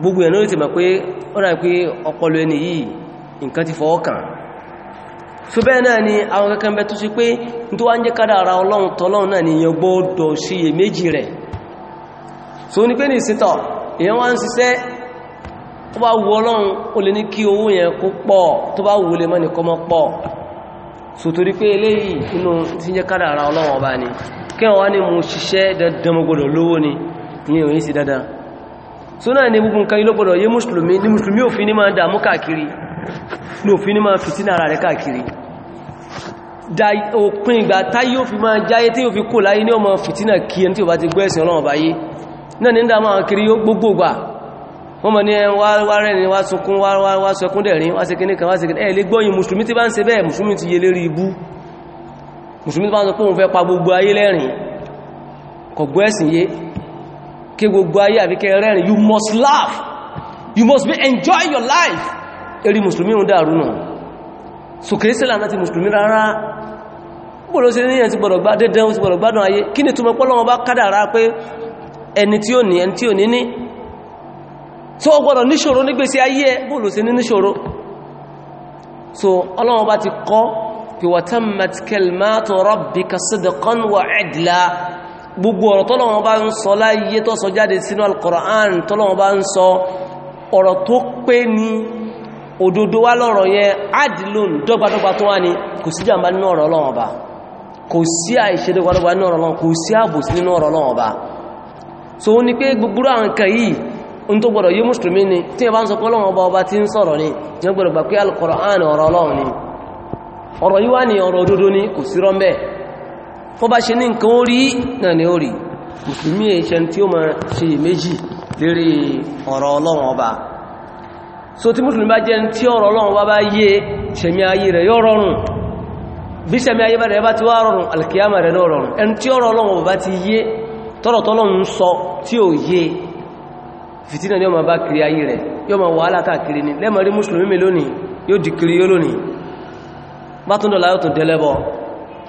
gbogbo ẹ̀ lórí ti mọ̀ pé ó pé ọpọlọ ẹni yìí nǹkan ti kàn so bẹ́ẹ̀ náà ni àwọn kankan bẹ tó sí pé tó wá ń jẹ́ kádà ara ọlọ́run tọ́lọ́run náà ni èyàn gbọ́dọ̀ síye méjì rẹ̀ so ní pé ní ìsìntọ̀ èyàn wá ń ṣiṣẹ́ tó bá wu ọlọ́run ó lè ní kí owó yẹn kó pọ̀ tó bá wu ni kí wọ́n wá ní mo súnà ní gbogbo nǹkan ilógbọ̀dọ̀ yé mùsùlùmí ní mùsùlùmí ò fi ní máa dàmú káàkiri ní ò fi ní máa fìtínà ara rẹ̀ káàkiri òpin ìgbà táyé ò fi máa jáyé tí ò fi kò láyé ní ọmọ fìtínà kí ẹni tí ò bá ti gbẹ́ẹ̀sìn ọlọ́run báyé náà ní dàmú àwọn kiri gbogbo gbà wọ́n mọ̀ ní wárẹ́ni wá sunkún wá sọkún dẹ̀rin wá sekínì kan wá sekínì ẹ̀ lè gbọ́yìn mùsùlùmí tí bá ń ṣe bẹ́ẹ̀ mùsùlùmí ti yẹ lérí ibú mùsùlùmí tí bá ń sọ pé òun fẹ́ pa gbogbo ayé lẹ́rìn kọ̀gbọ́ ẹ̀sìn yé kí gbogbo ayé àríkẹ́ rẹ́rìn you must laugh you must be enjoy your life eré musulmi ń dàrú náà so kìí sílá náà ti musulmi rárá bọ́lọ́ sí níyàn ti gbọ́dọ̀ gbádẹ́ dẹ́un ti gbọ́dọ̀ gbádùn ayé kí ni túnmọ̀ pọ́lọ́wọ́ bá kádàrá pé ẹni tí ó ní ẹni tí ò ní ní tí ó gbọ́dọ̀ níṣòro nígbésí ayé ẹ sí níṣòro so Ọlọ́run bá ti kọ́ pé wa tammat kalimatu rabbika sidqan wa adla gbogbo ọ̀rọ̀ tọ́lọ́wọ́n bá ń sọ láyé tó sọ jáde sínú al-Qur'an tọ́lọ́wọ́n bá ń sọ ọ̀rọ̀ tó pé ní òdodo wá lọ́rọ̀ yẹn adìlún dọ́gbadọ́gba tó wá ní kò sí jàmbá nínú ọ̀rọ̀ Ọlọ́run Ọba kò sí àìṣedọ́gbadọ́gba nínú ọ̀rọ̀ Ọlọ́run so ó ní pé gbogbo àwọn nǹkan yìí ni tí ẹ bá ń sọ pé Ọlọ́run Ọba al-Qur'an ọ̀rọ̀ Ọlọ́run ni ọ̀rọ̀ yìí wá ní ọ̀rọ̀ kò sí rọ́mbẹ́ẹ̀ kó bá ṣe ní nǹkan ó rí náà ni ó rí mùsùlùmí e ẹ̀ṣẹ́ tí ó ma ṣe méjì lérí ọ̀rọ̀ ọlọ́run ọba so tí mùsùlùmí bá jẹ́ tí ọ̀rọ̀ ọlọ́run ọba bá yé ṣẹ̀mí ayé rẹ̀ yóò rọrùn bí ṣẹ̀mí ayé bá rẹ̀ bá ti wá rọrùn alkiyama rẹ̀ náà rọrùn yóò tún dọ̀la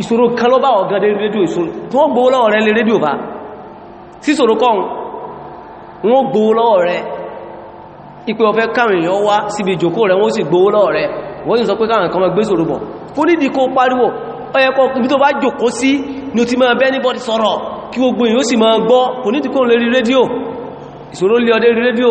ìṣòro kan ló bá ọ̀gán dé rédíò ìṣòro tí wọ́n gbówó lọ́wọ́ rẹ lè rédíò bá síṣòro kan wọ́n gbówó lọ́wọ́ rẹ ipé ọ̀fẹ́ káwọn èèyàn wá síbi ìjòkó rẹ wọ́n sì gbówó lọ́wọ́ rẹ wọ́n sì sọ pé káwọn kan gbé ṣòro bọ̀ kó nídìí kó pariwo ọyẹ́kọ́ ibi tó bá jòkó sí ni ó ti máa bẹ́ níbọ̀dì sọ̀rọ̀ kí gbogbo èèyàn sì máa gbọ́ kò nídìí kó lè rí rédíò ìṣòro lé ọdẹ rí rédíò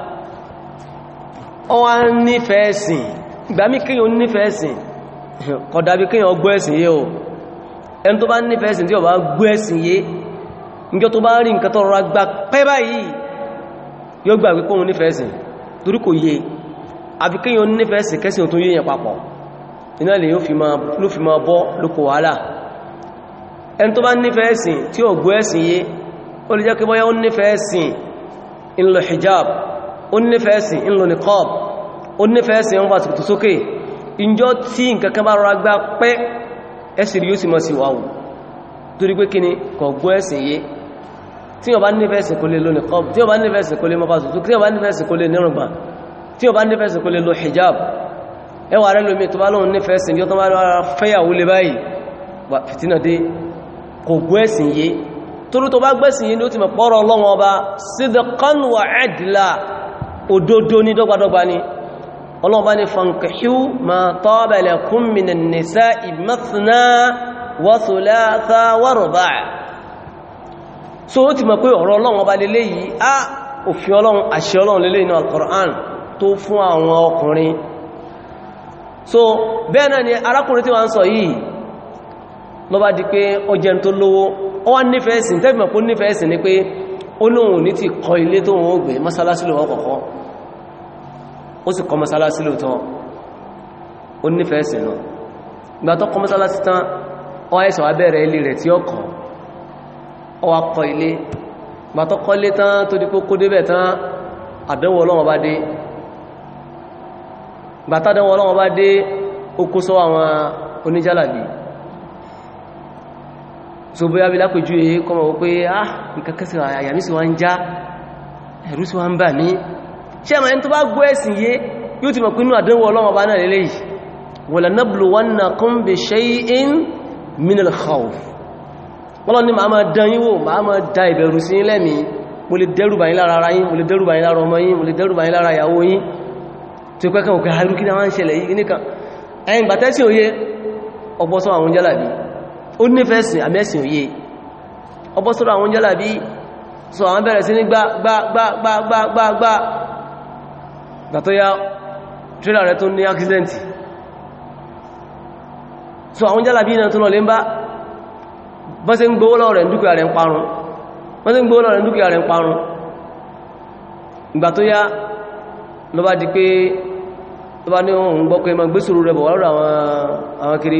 ọwá nífẹ̀ẹ́ sìn ìgbàmí kíyàn nífẹ̀ẹ́ sìn kọ̀dàbí kíyàn gbọ́ ẹ̀sìn yé o ẹni tó bá nífẹ̀ẹ́ sìn tí ó bá gbọ́ ẹ̀sìn yé níjọ́ tó bá rí nǹkan tó rọra gbà pẹ́ báyìí yóò gbà wípé òun nífẹ̀ẹ́ sìn torí kò yé àfi kíyàn nífẹ̀ẹ́ sìn kẹ́sìn tó yéyàn papọ̀ iná lè yóò fi máa bọ́ lóko wàhálà ẹni tó bá nífẹ̀ẹ́ hijab ó nífẹ̀ẹ́ sìn ó nífẹ̀ẹ́ sí ń wà tó sókè ìjọ tí nǹkankan bá rọra gbá pẹ́ ẹsìrì yóò sì mọ́ sí wáwù torí pé kíni kọ̀ gbọ́ ẹ̀sìn yé tí wọ́n bá nífẹ̀ẹ́ sí kò lè lónìí kọ́ tí wọ́n bá nífẹ̀ẹ́ sí kò lè mọ́fà tuntun tí wọ́n bá nífẹ̀ẹ́ sí kò lè nírùngbà tí wọ́n bá nífẹ̀ẹ́ sí ni ó ni ọlọ́run bá ní fankihu ma taba lakum minan nisa'i mathna wa thulatha wa ruba' so ó ti mọ̀ pé ọ̀rọ̀ ọlọ́run bá lélé yìí á òfin ọlọ́run àṣẹ ọlọ́run lélé inú al-Qur'an tó fún àwọn ọkùnrin so bẹ́ẹ̀ náà ni arákùnrin tí wọ́n ń sọ yìí lọ bá di pé ó jẹun tó lówó ó wá nífẹ̀ẹ́sìn tẹ́bìmọ̀ pé ó nífẹ̀ẹ́sìn ni pé ó lóhun ní ti kọ́ ilé tó wọ́n gbé mọ́sálásí lọ́wọ́ ó sì kọ́ mọ́sálásí lóòtọ́ ó nífẹ̀ẹ́ sí lọ ìgbà tó kọ́ mọ́sálásí tán ó wá ẹ̀sọ̀ abẹ́rẹ̀ ilé rẹ̀ tí ó kọ́ ó wá kọ́ ilé ìgbà tó kọ́ ilé tán tó di kókó débẹ̀ tán àdánwò Ọlọ́run bá dé ìgbà tádánwò bá dé ó kó ah nǹkan kẹsì àyàmí sí wá ń já ẹ̀rú sí wá ṣe ma ẹni tó bá gbọ́ ẹ̀sìn yé yóò ti mọ̀ pínú àdánwò ọlọ́wọ́ bá náà lélẹ̀ yìí wala nabluwannakum bi shay'in minal khawf wọ́n ní ma ma dán yín wò ma ma da ìbẹ̀rù ah, àwọn jálàbí ó so àwọn bẹ̀rẹ̀ sí ní gbá gbá gbá gbá gbá gbà tó yá trailer rẹ̀ tó ní accident so àwọn jálàbí náà tó lọ lè ń bá bọ́n sí ń gbówó lọ́wọ́ rẹ̀ dúkìá rẹ̀ ń parun bọ́n sí ń gbówó lọ́wọ́ rẹ̀ dúkìá rẹ̀ ń parun ìgbà tó yá ló bá di pé ló bá ní ohun gbọ́ pé ma gbé sòrò rẹ̀ bọ̀ wọ́n àwọn kiri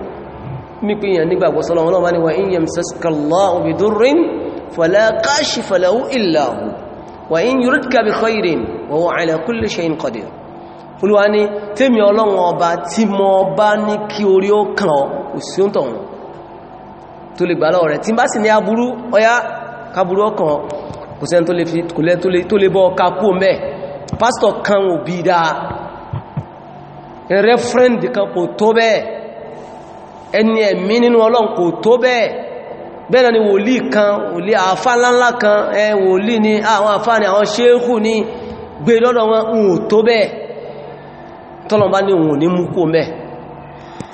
nípe èèyàn nígbàgbọ́ sọ́lọ́ wọn bá ní wa in yamsaska Allahu bidurrin fala kashifa lahu illa hu wa in yuridka bi khairin wa huwa ala kulli shay'in qadir olúwa ní tèmi ọlọ́run ọba tí mo bá ní kí orí ó kàn òsì ó tọ̀hún tó lè gbàlọ́ rẹ̀ tí bá sì ní aburú ọya kaburú ọkàn kò sẹ́n tó lè bọ́ kakú mẹ́ pásítọ̀ kan òbí dáa rẹ́fẹ́rẹ́ndì kan kò tó bẹ́ẹ̀ ẹni ẹ̀mí nínú ọlọ́run kò tó bẹ́ẹ̀ bẹ́ẹ̀ ni wòlíì kan wòlíì àfá ńláńlá kan ẹ wòlíì ni àwọn àfá ni àwọn ṣéhù ni gbé lọ́dọ̀ wọn ń ò tó bẹ́ẹ̀ tọ́lọ̀mbá ní òun ní mú kó mẹ́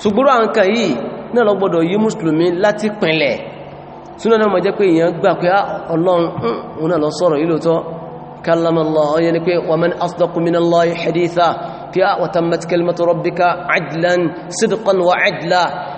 ṣùgbúrú àǹkan yìí náà lọ yí mùsùlùmí láti pìnlẹ̀ súnà náà mọ̀ jẹ́ pé èèyàn gbà pé ah,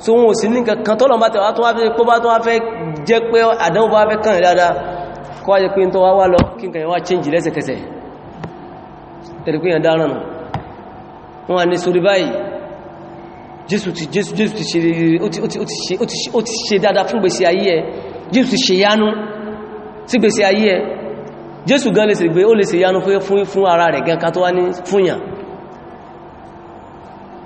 so wọn ò sí ní kankan tó lọ́nà bá tẹ̀wà tó wá fẹ́ pọ́ bá tó wá fẹ́ jẹ́ pé àdánwò bá fẹ́ kàn rí dáadáa kọ́ wáyé pé tó wá wá lọ kí n kàn yẹn wá change lẹ́sẹ̀kẹsẹ̀ ẹ̀rẹ̀kúnyàn dáràn wọn ni sórí báyìí jésù ti jésù jésù ti ṣe ó ti ṣe dáadáa fún gbèsè ayé ẹ jésù ti ṣe yánú sí gbèsè ayé ẹ jésù gan lè ṣe gbé ó lè ṣe yánú fún ara rẹ̀ gan ká tó wá ní fúnyàn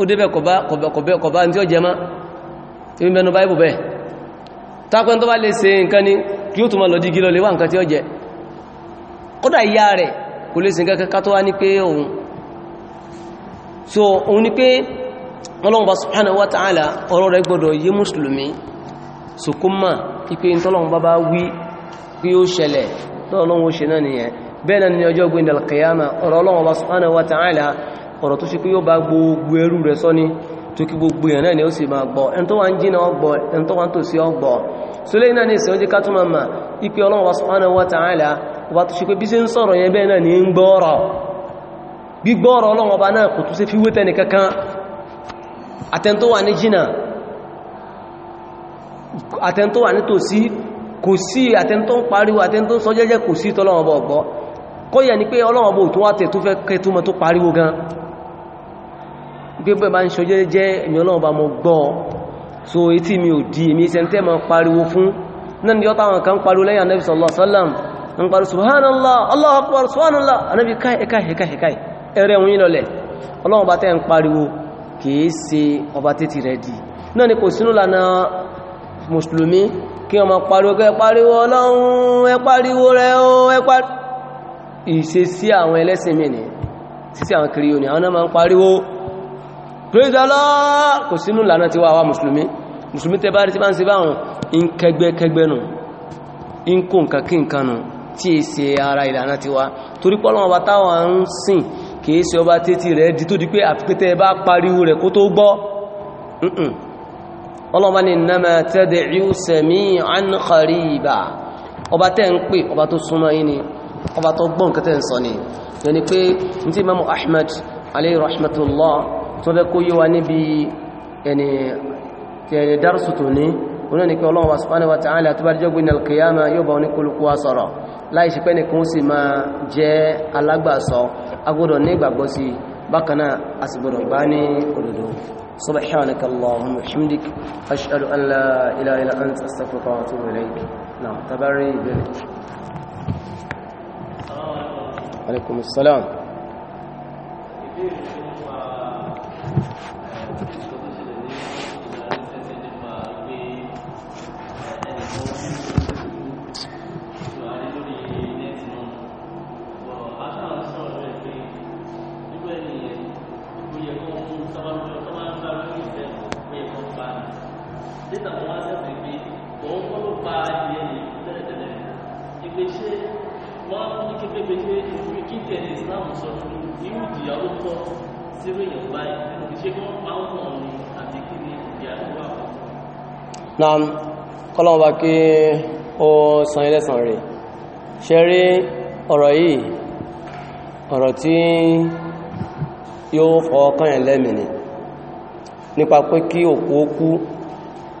ó débẹ̀ kọ̀bá tí ó jẹma tí ó mẹ́nu báyìí bẹ̀ tápẹ́ tó bá lè ṣe nǹkan ni kí ó túnmọ̀ lọ dí gílọ lè wá nǹkan tí ó jẹ kódà ìyá rẹ̀ kò lè sin kẹ́kẹ́ tó ní pé òun so òun ni pé Ọlọ́hun Ọba subhanahu wa ta'ala ọ̀rọ̀ rẹ̀ gbọdọ̀ yé mùsùlùmí so kó mà ipé t'Ọlọ́hun bá bá wí ọ̀rọ̀ tó ṣe pé yóò bá gbogbo ẹrú rẹ̀ sọ ní tó kí gbogbo ẹ̀ náà ni ó sì máa gbọ́ ẹn tó wá ń jìnà ọgbọ̀ ẹn tó wá ń tò sí ọgbọ̀ so lẹ́yìn náà ní ìsìn ojú kátùmà mà ipi Ọlọ́run subhanahu wa ta'ala ọba tó ṣe pé bí ṣe ń sọ̀rọ̀ yẹn bẹ́ẹ̀ náà kó yẹ ni pé Ọlọ́run ọba wá tẹ̀ tó fẹ́ kẹ́ tó pariwo gan gbẹ́gbẹ́ bá ń ṣojẹ́ jẹ́ èmì ọlọ́run bá mọ gbọ́ so etí mi ò di èmì ìsẹ̀ntẹ́ ma pariwo fún náà ni ọ́tàwọn kan pariwo lẹ́yìn anábì sallallahu alaihi wasallam ń pariwo subhanallah allahu akbar subhanallah anábì káì káì káì káì ẹrẹ wọn yìí lọlẹ̀ ọlọ́run bá tẹ́ ń pariwo kìí ṣe ọba títí rẹ̀ di náà ni kò sínú lànà mùsùlùmí kí wọ́n ma pariwo kẹ́ pariwo ọlọ́run ẹ ìṣesí àwọn ẹlẹ́sìn mi ni sísí àwọn kiri ni àwọn náà ma ń pariwo praise Allah kò sínú lànà tí wà wá musulmi musulmi tẹ bá rí tí bá ń ṣe báhùn in kẹgbẹ́kẹgbẹ́ nù in kò nǹkan kí nǹkan nù tí è ara ìlànà tí wá torí pọ́lọ́wọ́ bá táwọn ni tó fẹ́ kó yé wa níbi ẹni tẹ̀lé dárúsù tó ní oní ní kí ọlọ́run wa subhanahu wa ta'ala tó bá jẹ́ gbé nàl kìyàmà yóò bá wọn ní kólukú wa sọ̀rọ̀ láì ṣe pé nìkan ó sì máa jẹ́ alágbàsọ agbọ́dọ̀ ní ìgbàgbọ́ sí bákan náà a ní òdodo Thank you. Thank you. naam kọ́lọ́wọ́ bá kí ó san ilẹ́sàn rẹ̀ ṣe rí ọ̀rọ̀ yìí ọ̀rọ̀ tí yóò fọ́ kọ́yàn lẹ́mìnì nípa pé kí òkú ókú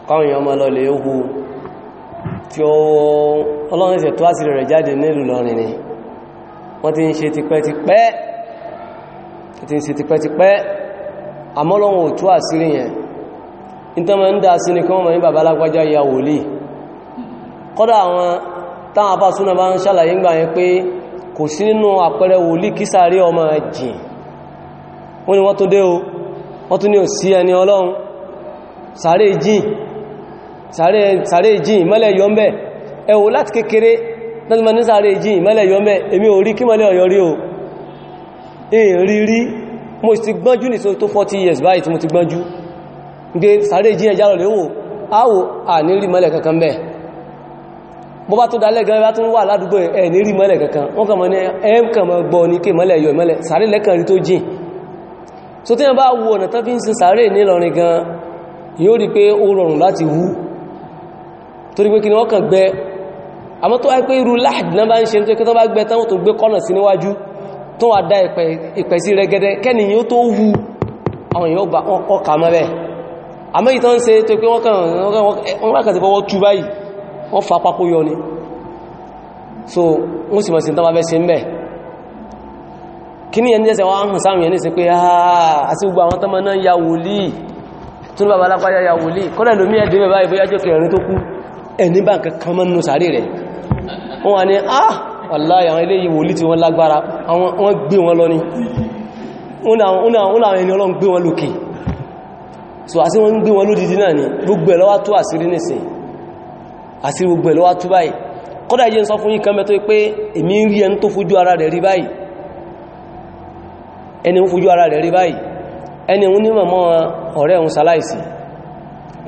káwọn èèyàn máa lọ lè hù tí ó ọlọ́run ìṣẹ̀ tó àṣírí rẹ̀ jáde nílùú lọ́rin ni wọ́n ti ń ṣe tipẹ́tipẹ́ ti ń ṣe tipẹ́tipẹ́ àmọ́ Ọlọ́run yẹn ìtàn ma ń dá sí ni kí wọ́n ma ní bàbá alágbájá ya wòlíì kọ́dá àwọn táwọn apá súnà bá ń ṣàlàyé ń gbà yẹn pé kò sí nínú àpẹẹrẹ wòlíì kí sáré ọmọ jìn wọ́n ni wọ́n tó dé o wọ́n tó ní ò sí ẹni ọlọ́run sáré jìn sáré jìn mẹ́lẹ̀ yọ mẹ́ ẹwò láti kékeré lọ́tí ma mo ti gbọ́njú nìso tó 40 years báyìí tí mo ti gbọ́njú gbé sàárè jí ẹjá léwò áwò à mọ́lẹ̀ kankan bẹ́ẹ̀ bó bá tó dálẹ̀ gan bá tún wà ládùúgbò ẹ̀ ní mọ́lẹ̀ kankan wọ́n kàn mọ́ ní ẹm mọ́ gbọ́ ní kí mọ́lẹ̀ yọ mọ́lẹ̀ sàárè lẹ́kàn rí tó jìn so tí wọ́n bá wọ́n kàn gbẹ́ àmọ́ tó bá ń ṣe nítorí àmọ́ ìtàn ṣe tó pé wọ́n kàn wọ́n rákàtí bọ́ wọ́n tú báyìí wọ́n fa pákó yọ ni so wọ́n sì mọ̀ sí tán bá fẹ́ ṣe ń bẹ̀ kí ní ẹni jẹ́sẹ̀ wọ́n hàn sáàmì sí pé àti gbogbo àwọn tánmọ́ náà ya wòlíì tún bàbá alápáyà ya wòlíì kọ́lẹ̀ lómi ẹ̀dẹ́ bẹ̀bá ìbóyá jẹ́ kẹrin tó kú ah wàláyà àwọn eléyìí wòlíì tí wọ́n lágbára wọ́n gbé wọn lọ ni wọ́n làwọn ẹni ọlọ́run so àṣí wọ́n ń gbé wọn lódìdí náà ni gbogbo ẹ̀ lọ́wọ́ tó àṣírí nìsìn àṣírí gbogbo ẹ̀ lọ́wọ́ tó báyìí kọ́dà jẹ́ ń sọ fún yín kan mẹ́tọ́ pé èmi rí ẹni tó fojú ara rẹ̀ rí báyìí ẹni ń fojú ara rẹ̀ rí báyìí ẹni ń ní mọ̀mọ́ ọ̀rẹ́ òun ṣaláìsì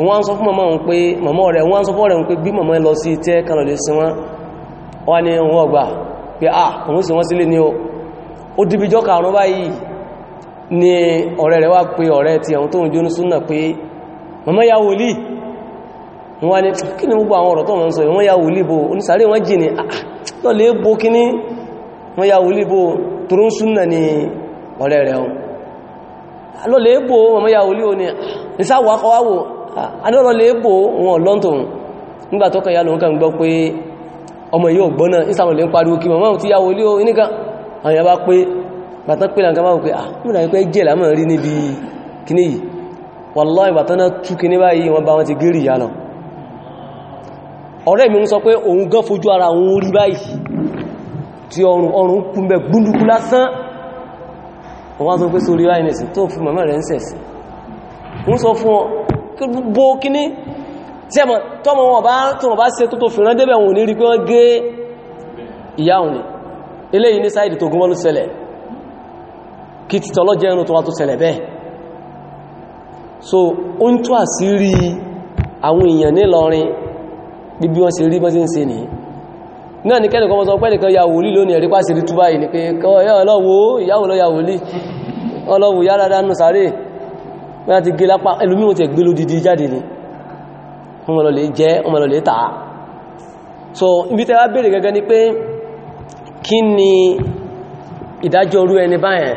wọ́n sọ fún mọ̀mọ́ òun pé mọ̀mọ́ rẹ̀ wọ́n sọ fún rẹ̀ pé bí mọ̀mọ́ lọ sí tẹ́ kan lọ́lẹ̀ sí wọ́n wọ́n ni wọ́n gbà pé ah òun sì wọ́n sílé ni ó dìbìjọ́ karùn-ún báyìí ni ọ̀rẹ́ rẹ̀ wá pé ọ̀rẹ́ ti ọ̀hún tó ń jónú súnà pé màmá ya wòlí wọ́n ni kí ni gbogbo àwọn ọ̀rọ̀ tó wọ́n sọ wọ́n ya wòlí bó onísàrí wọ́n jì ní àtọ́ ah, ah, kí ní wọ́n ya wòlí bó tóró súnà ní ọ̀rẹ́ rẹ̀ ọ̀hún ah, lọ ya wòlí ti ya bàtán pé lànkà máa ah, pé ah múnà wípé jẹ́ lámọ̀ rí níbi kíní yìí wallahi bàtán náà tú kíní báyìí wọ́n bá wọ́n ti gírí ìyá lọ ọ̀rẹ́ mi ń sọ pé òun gán fojú ara òun rí báyìí tí ọrùn ọrùn kúnbẹ̀ gbúndùkú lásán wọ́n sọ pé sórí láì nẹ̀sì tó fi mọ̀mọ́ rẹ̀ ń sẹ̀sì ń sọ fún bó kíní tí ẹmọ̀ tọ́mọ eléyìí ní sáìdì tó gúnmọ́ ló kí ti tọ́lọ́jẹ́ ẹnu tó wá tó ṣẹlẹ̀ bẹ́ẹ̀ so ó ń tó àsírí àwọn èèyàn ní lọrin bíbí wọ́n ṣe rí bọ́ sí ń ṣe ní náà ní kẹ́lẹ̀kọ́ mọ́sán pẹ́lẹ̀ kan yàwó lí lónìí ẹ̀rí pàṣírí túbá yìí ni pé kí ni ìdájọ́ orú ẹni báyẹn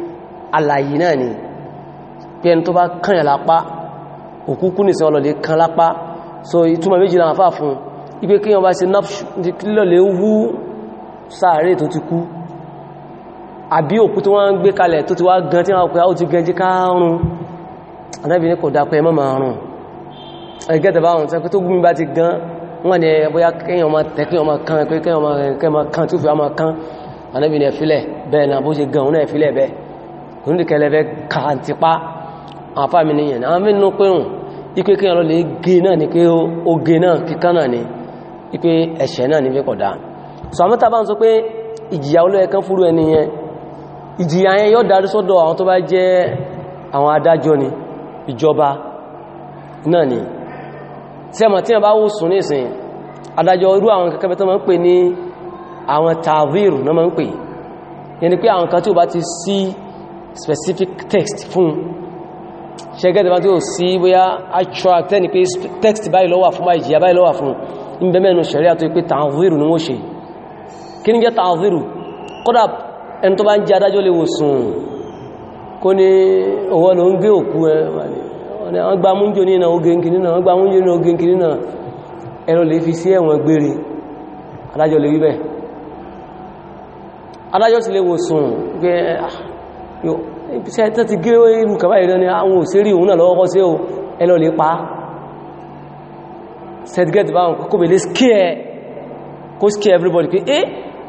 alàyè náà ni pé ẹni tó bá kànyà lápá òkúkú nìsẹ́ ọlọ́dẹ kan lápá so ìtumọ̀ méjì náà fà fún ipé kí wọ́n bá ṣe lọ́lẹ̀ wú sàárè tó ti kú àbí òkú tó wọ́n ń gbé kalẹ̀ tó ti wá gan tí wọ́n pẹ́ ó ti gan jí káàrùn anábì ní kò dápẹ́ mọ́mà rùn ẹgẹ́tẹ̀bá àwọn tí tó gún mi bá ti gan wọ́n ni bóyá kéèyàn máa tẹ̀ kéèyàn máa kan kéèyàn bẹ́ẹ̀ náà bó ṣe gan òun náà bẹ́ẹ̀ oníkẹlẹ́fẹ́ kàntípá àwọn fáàmì ní yẹn àwọn mínú pẹ́rùn ipé kí ọlọ́lẹ̀ gé náà ní pé ó gé náà kíkán náà ní ipé ẹ̀ṣẹ̀ náà ní pé kọ̀dá so àwọn bá ń sọ pé ìjìyà olóẹ̀kan fúrú ẹni ìjìyà yẹn yóò darí sọ́dọ̀ àwọn tó bá jẹ́ àwọn adájọ́ ni ìjọba náà ni tí ẹmọ̀ tí ẹ bá wó sùn ní ìsìn adájọ́ irú àwọn kẹkẹbẹ tó máa ń pè ní àwọn tàvíìrù náà máa ń ni pé àwọn kan tí ó bá ti sí specific text fún ṣẹgẹ́dẹ̀ bá tí ó sí bóyá actual tẹ́ni pé text báyìí ló wà fún báyìí jìyà báyìí ló wà fún ń bẹ mẹ́nu ṣẹ̀ríà tó pé tààzírù ni wọ́n ṣe kí ní jẹ́ tààzírù kódà ẹni tó bá ń jẹ́ adájọ́ lè wò sùn kó ní owó ló ń gé òkú ẹ wọ́n gba múnjò ní oge nkiri náà adájọ́ sì lè wò sùn pé ah, ṣe tẹ́ ti gé irú kàbá ìrẹ́ ni àwọn òṣèré òun náà lọ́wọ́kọ́ sí o ẹlọ lè pa sẹ́dgẹ́tì báwọn kò bèlé scare kó scare everybody pé eh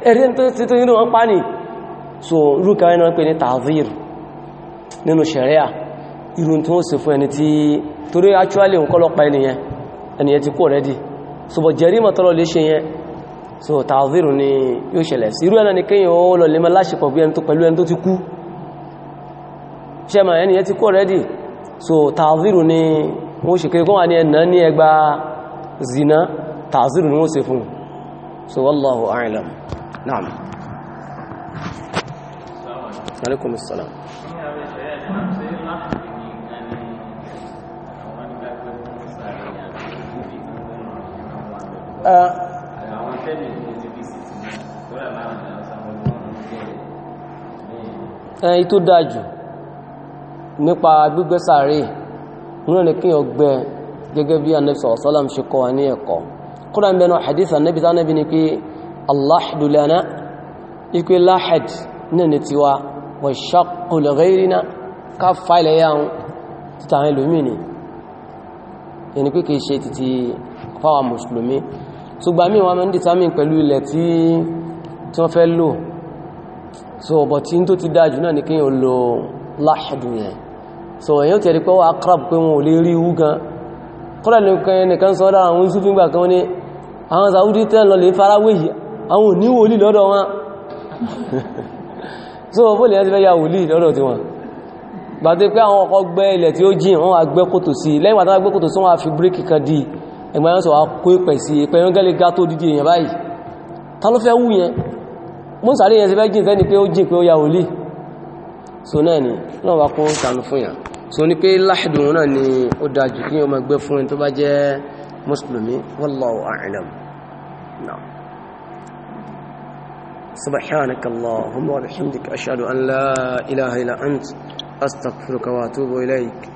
ẹ̀rẹ́ tó tó nínú wọn pa ní so irú kàbá ìrẹ́ pé ní tààzír nínú sẹ̀rẹ́à irú tó ń ṣe fún ẹni tí torí actually ń kọ́lọ́pàá ènìyàn ẹniyẹ ti kó rẹ́dì so bọ̀ jẹ́rí mọ̀tọ́lọ́ lè ṣe yẹn so tààzír ni yóò ṣẹlẹ̀ sí irú ẹ̀nà ni kéyàn ó lọ lè mọ́ láṣepọ̀ bí ẹni tó pẹ̀lú ẹni tó ti kú ṣẹ́mà ẹni yẹn ti kó rẹ́dì so tààzírù ni wọ́n ṣe kéré kó wà ní ẹ̀nà ní ẹgbà zina tààzírù ni wọ́n ṣe fún so wallahu a'lam na'am alaikum assalam ẹ̀yìn uh, eh, tó dájú nípa gbígbé sàárè nínú ní kí o gbẹ gẹ́gẹ́ bí anabi sallallahu alaihi wasallam ṣe kọ́ wa ní ẹ̀kọ́ kúrò ń bẹnu hadith anabi sanabi ni pé allahdu lana ikú lahad náà ni tiwa wa shaqqu li ghayrina ká fàilẹ̀ yà ń títà àwọn ìlúmìnì ẹni pé kìí ṣe láhàdù yẹn so èyàn tẹ̀rí pé wọ́n akrab pé wọn lè rí ihu gan kọ́lá nìkan sọ́dá àwọn ìsúfíngbà kan ní àwọn Saudi tẹ́ lọ lè farawé yìí àwọn ò ní lọ́dọ̀ wọn so fólè yẹn ti fẹ́ ya wòlí lọ́dọ̀ ti wọn gbàtẹ́ pé àwọn ọkọ̀ gbẹ́ ilẹ̀ tí ó jìn wọ́n agbẹ́ kòtò sí lẹ́yìn so náà ni náà wá kó fún yàn so ní pé láhìdùn náà ni ó dájú kí o máa gbé fún ẹni tó bá jẹ́ mùsùlùmí wallahu a'lam náà سبحانك اللهم وبحمدك أشهد أن لا إله إلا أنت أستغفرك وأتوب إليك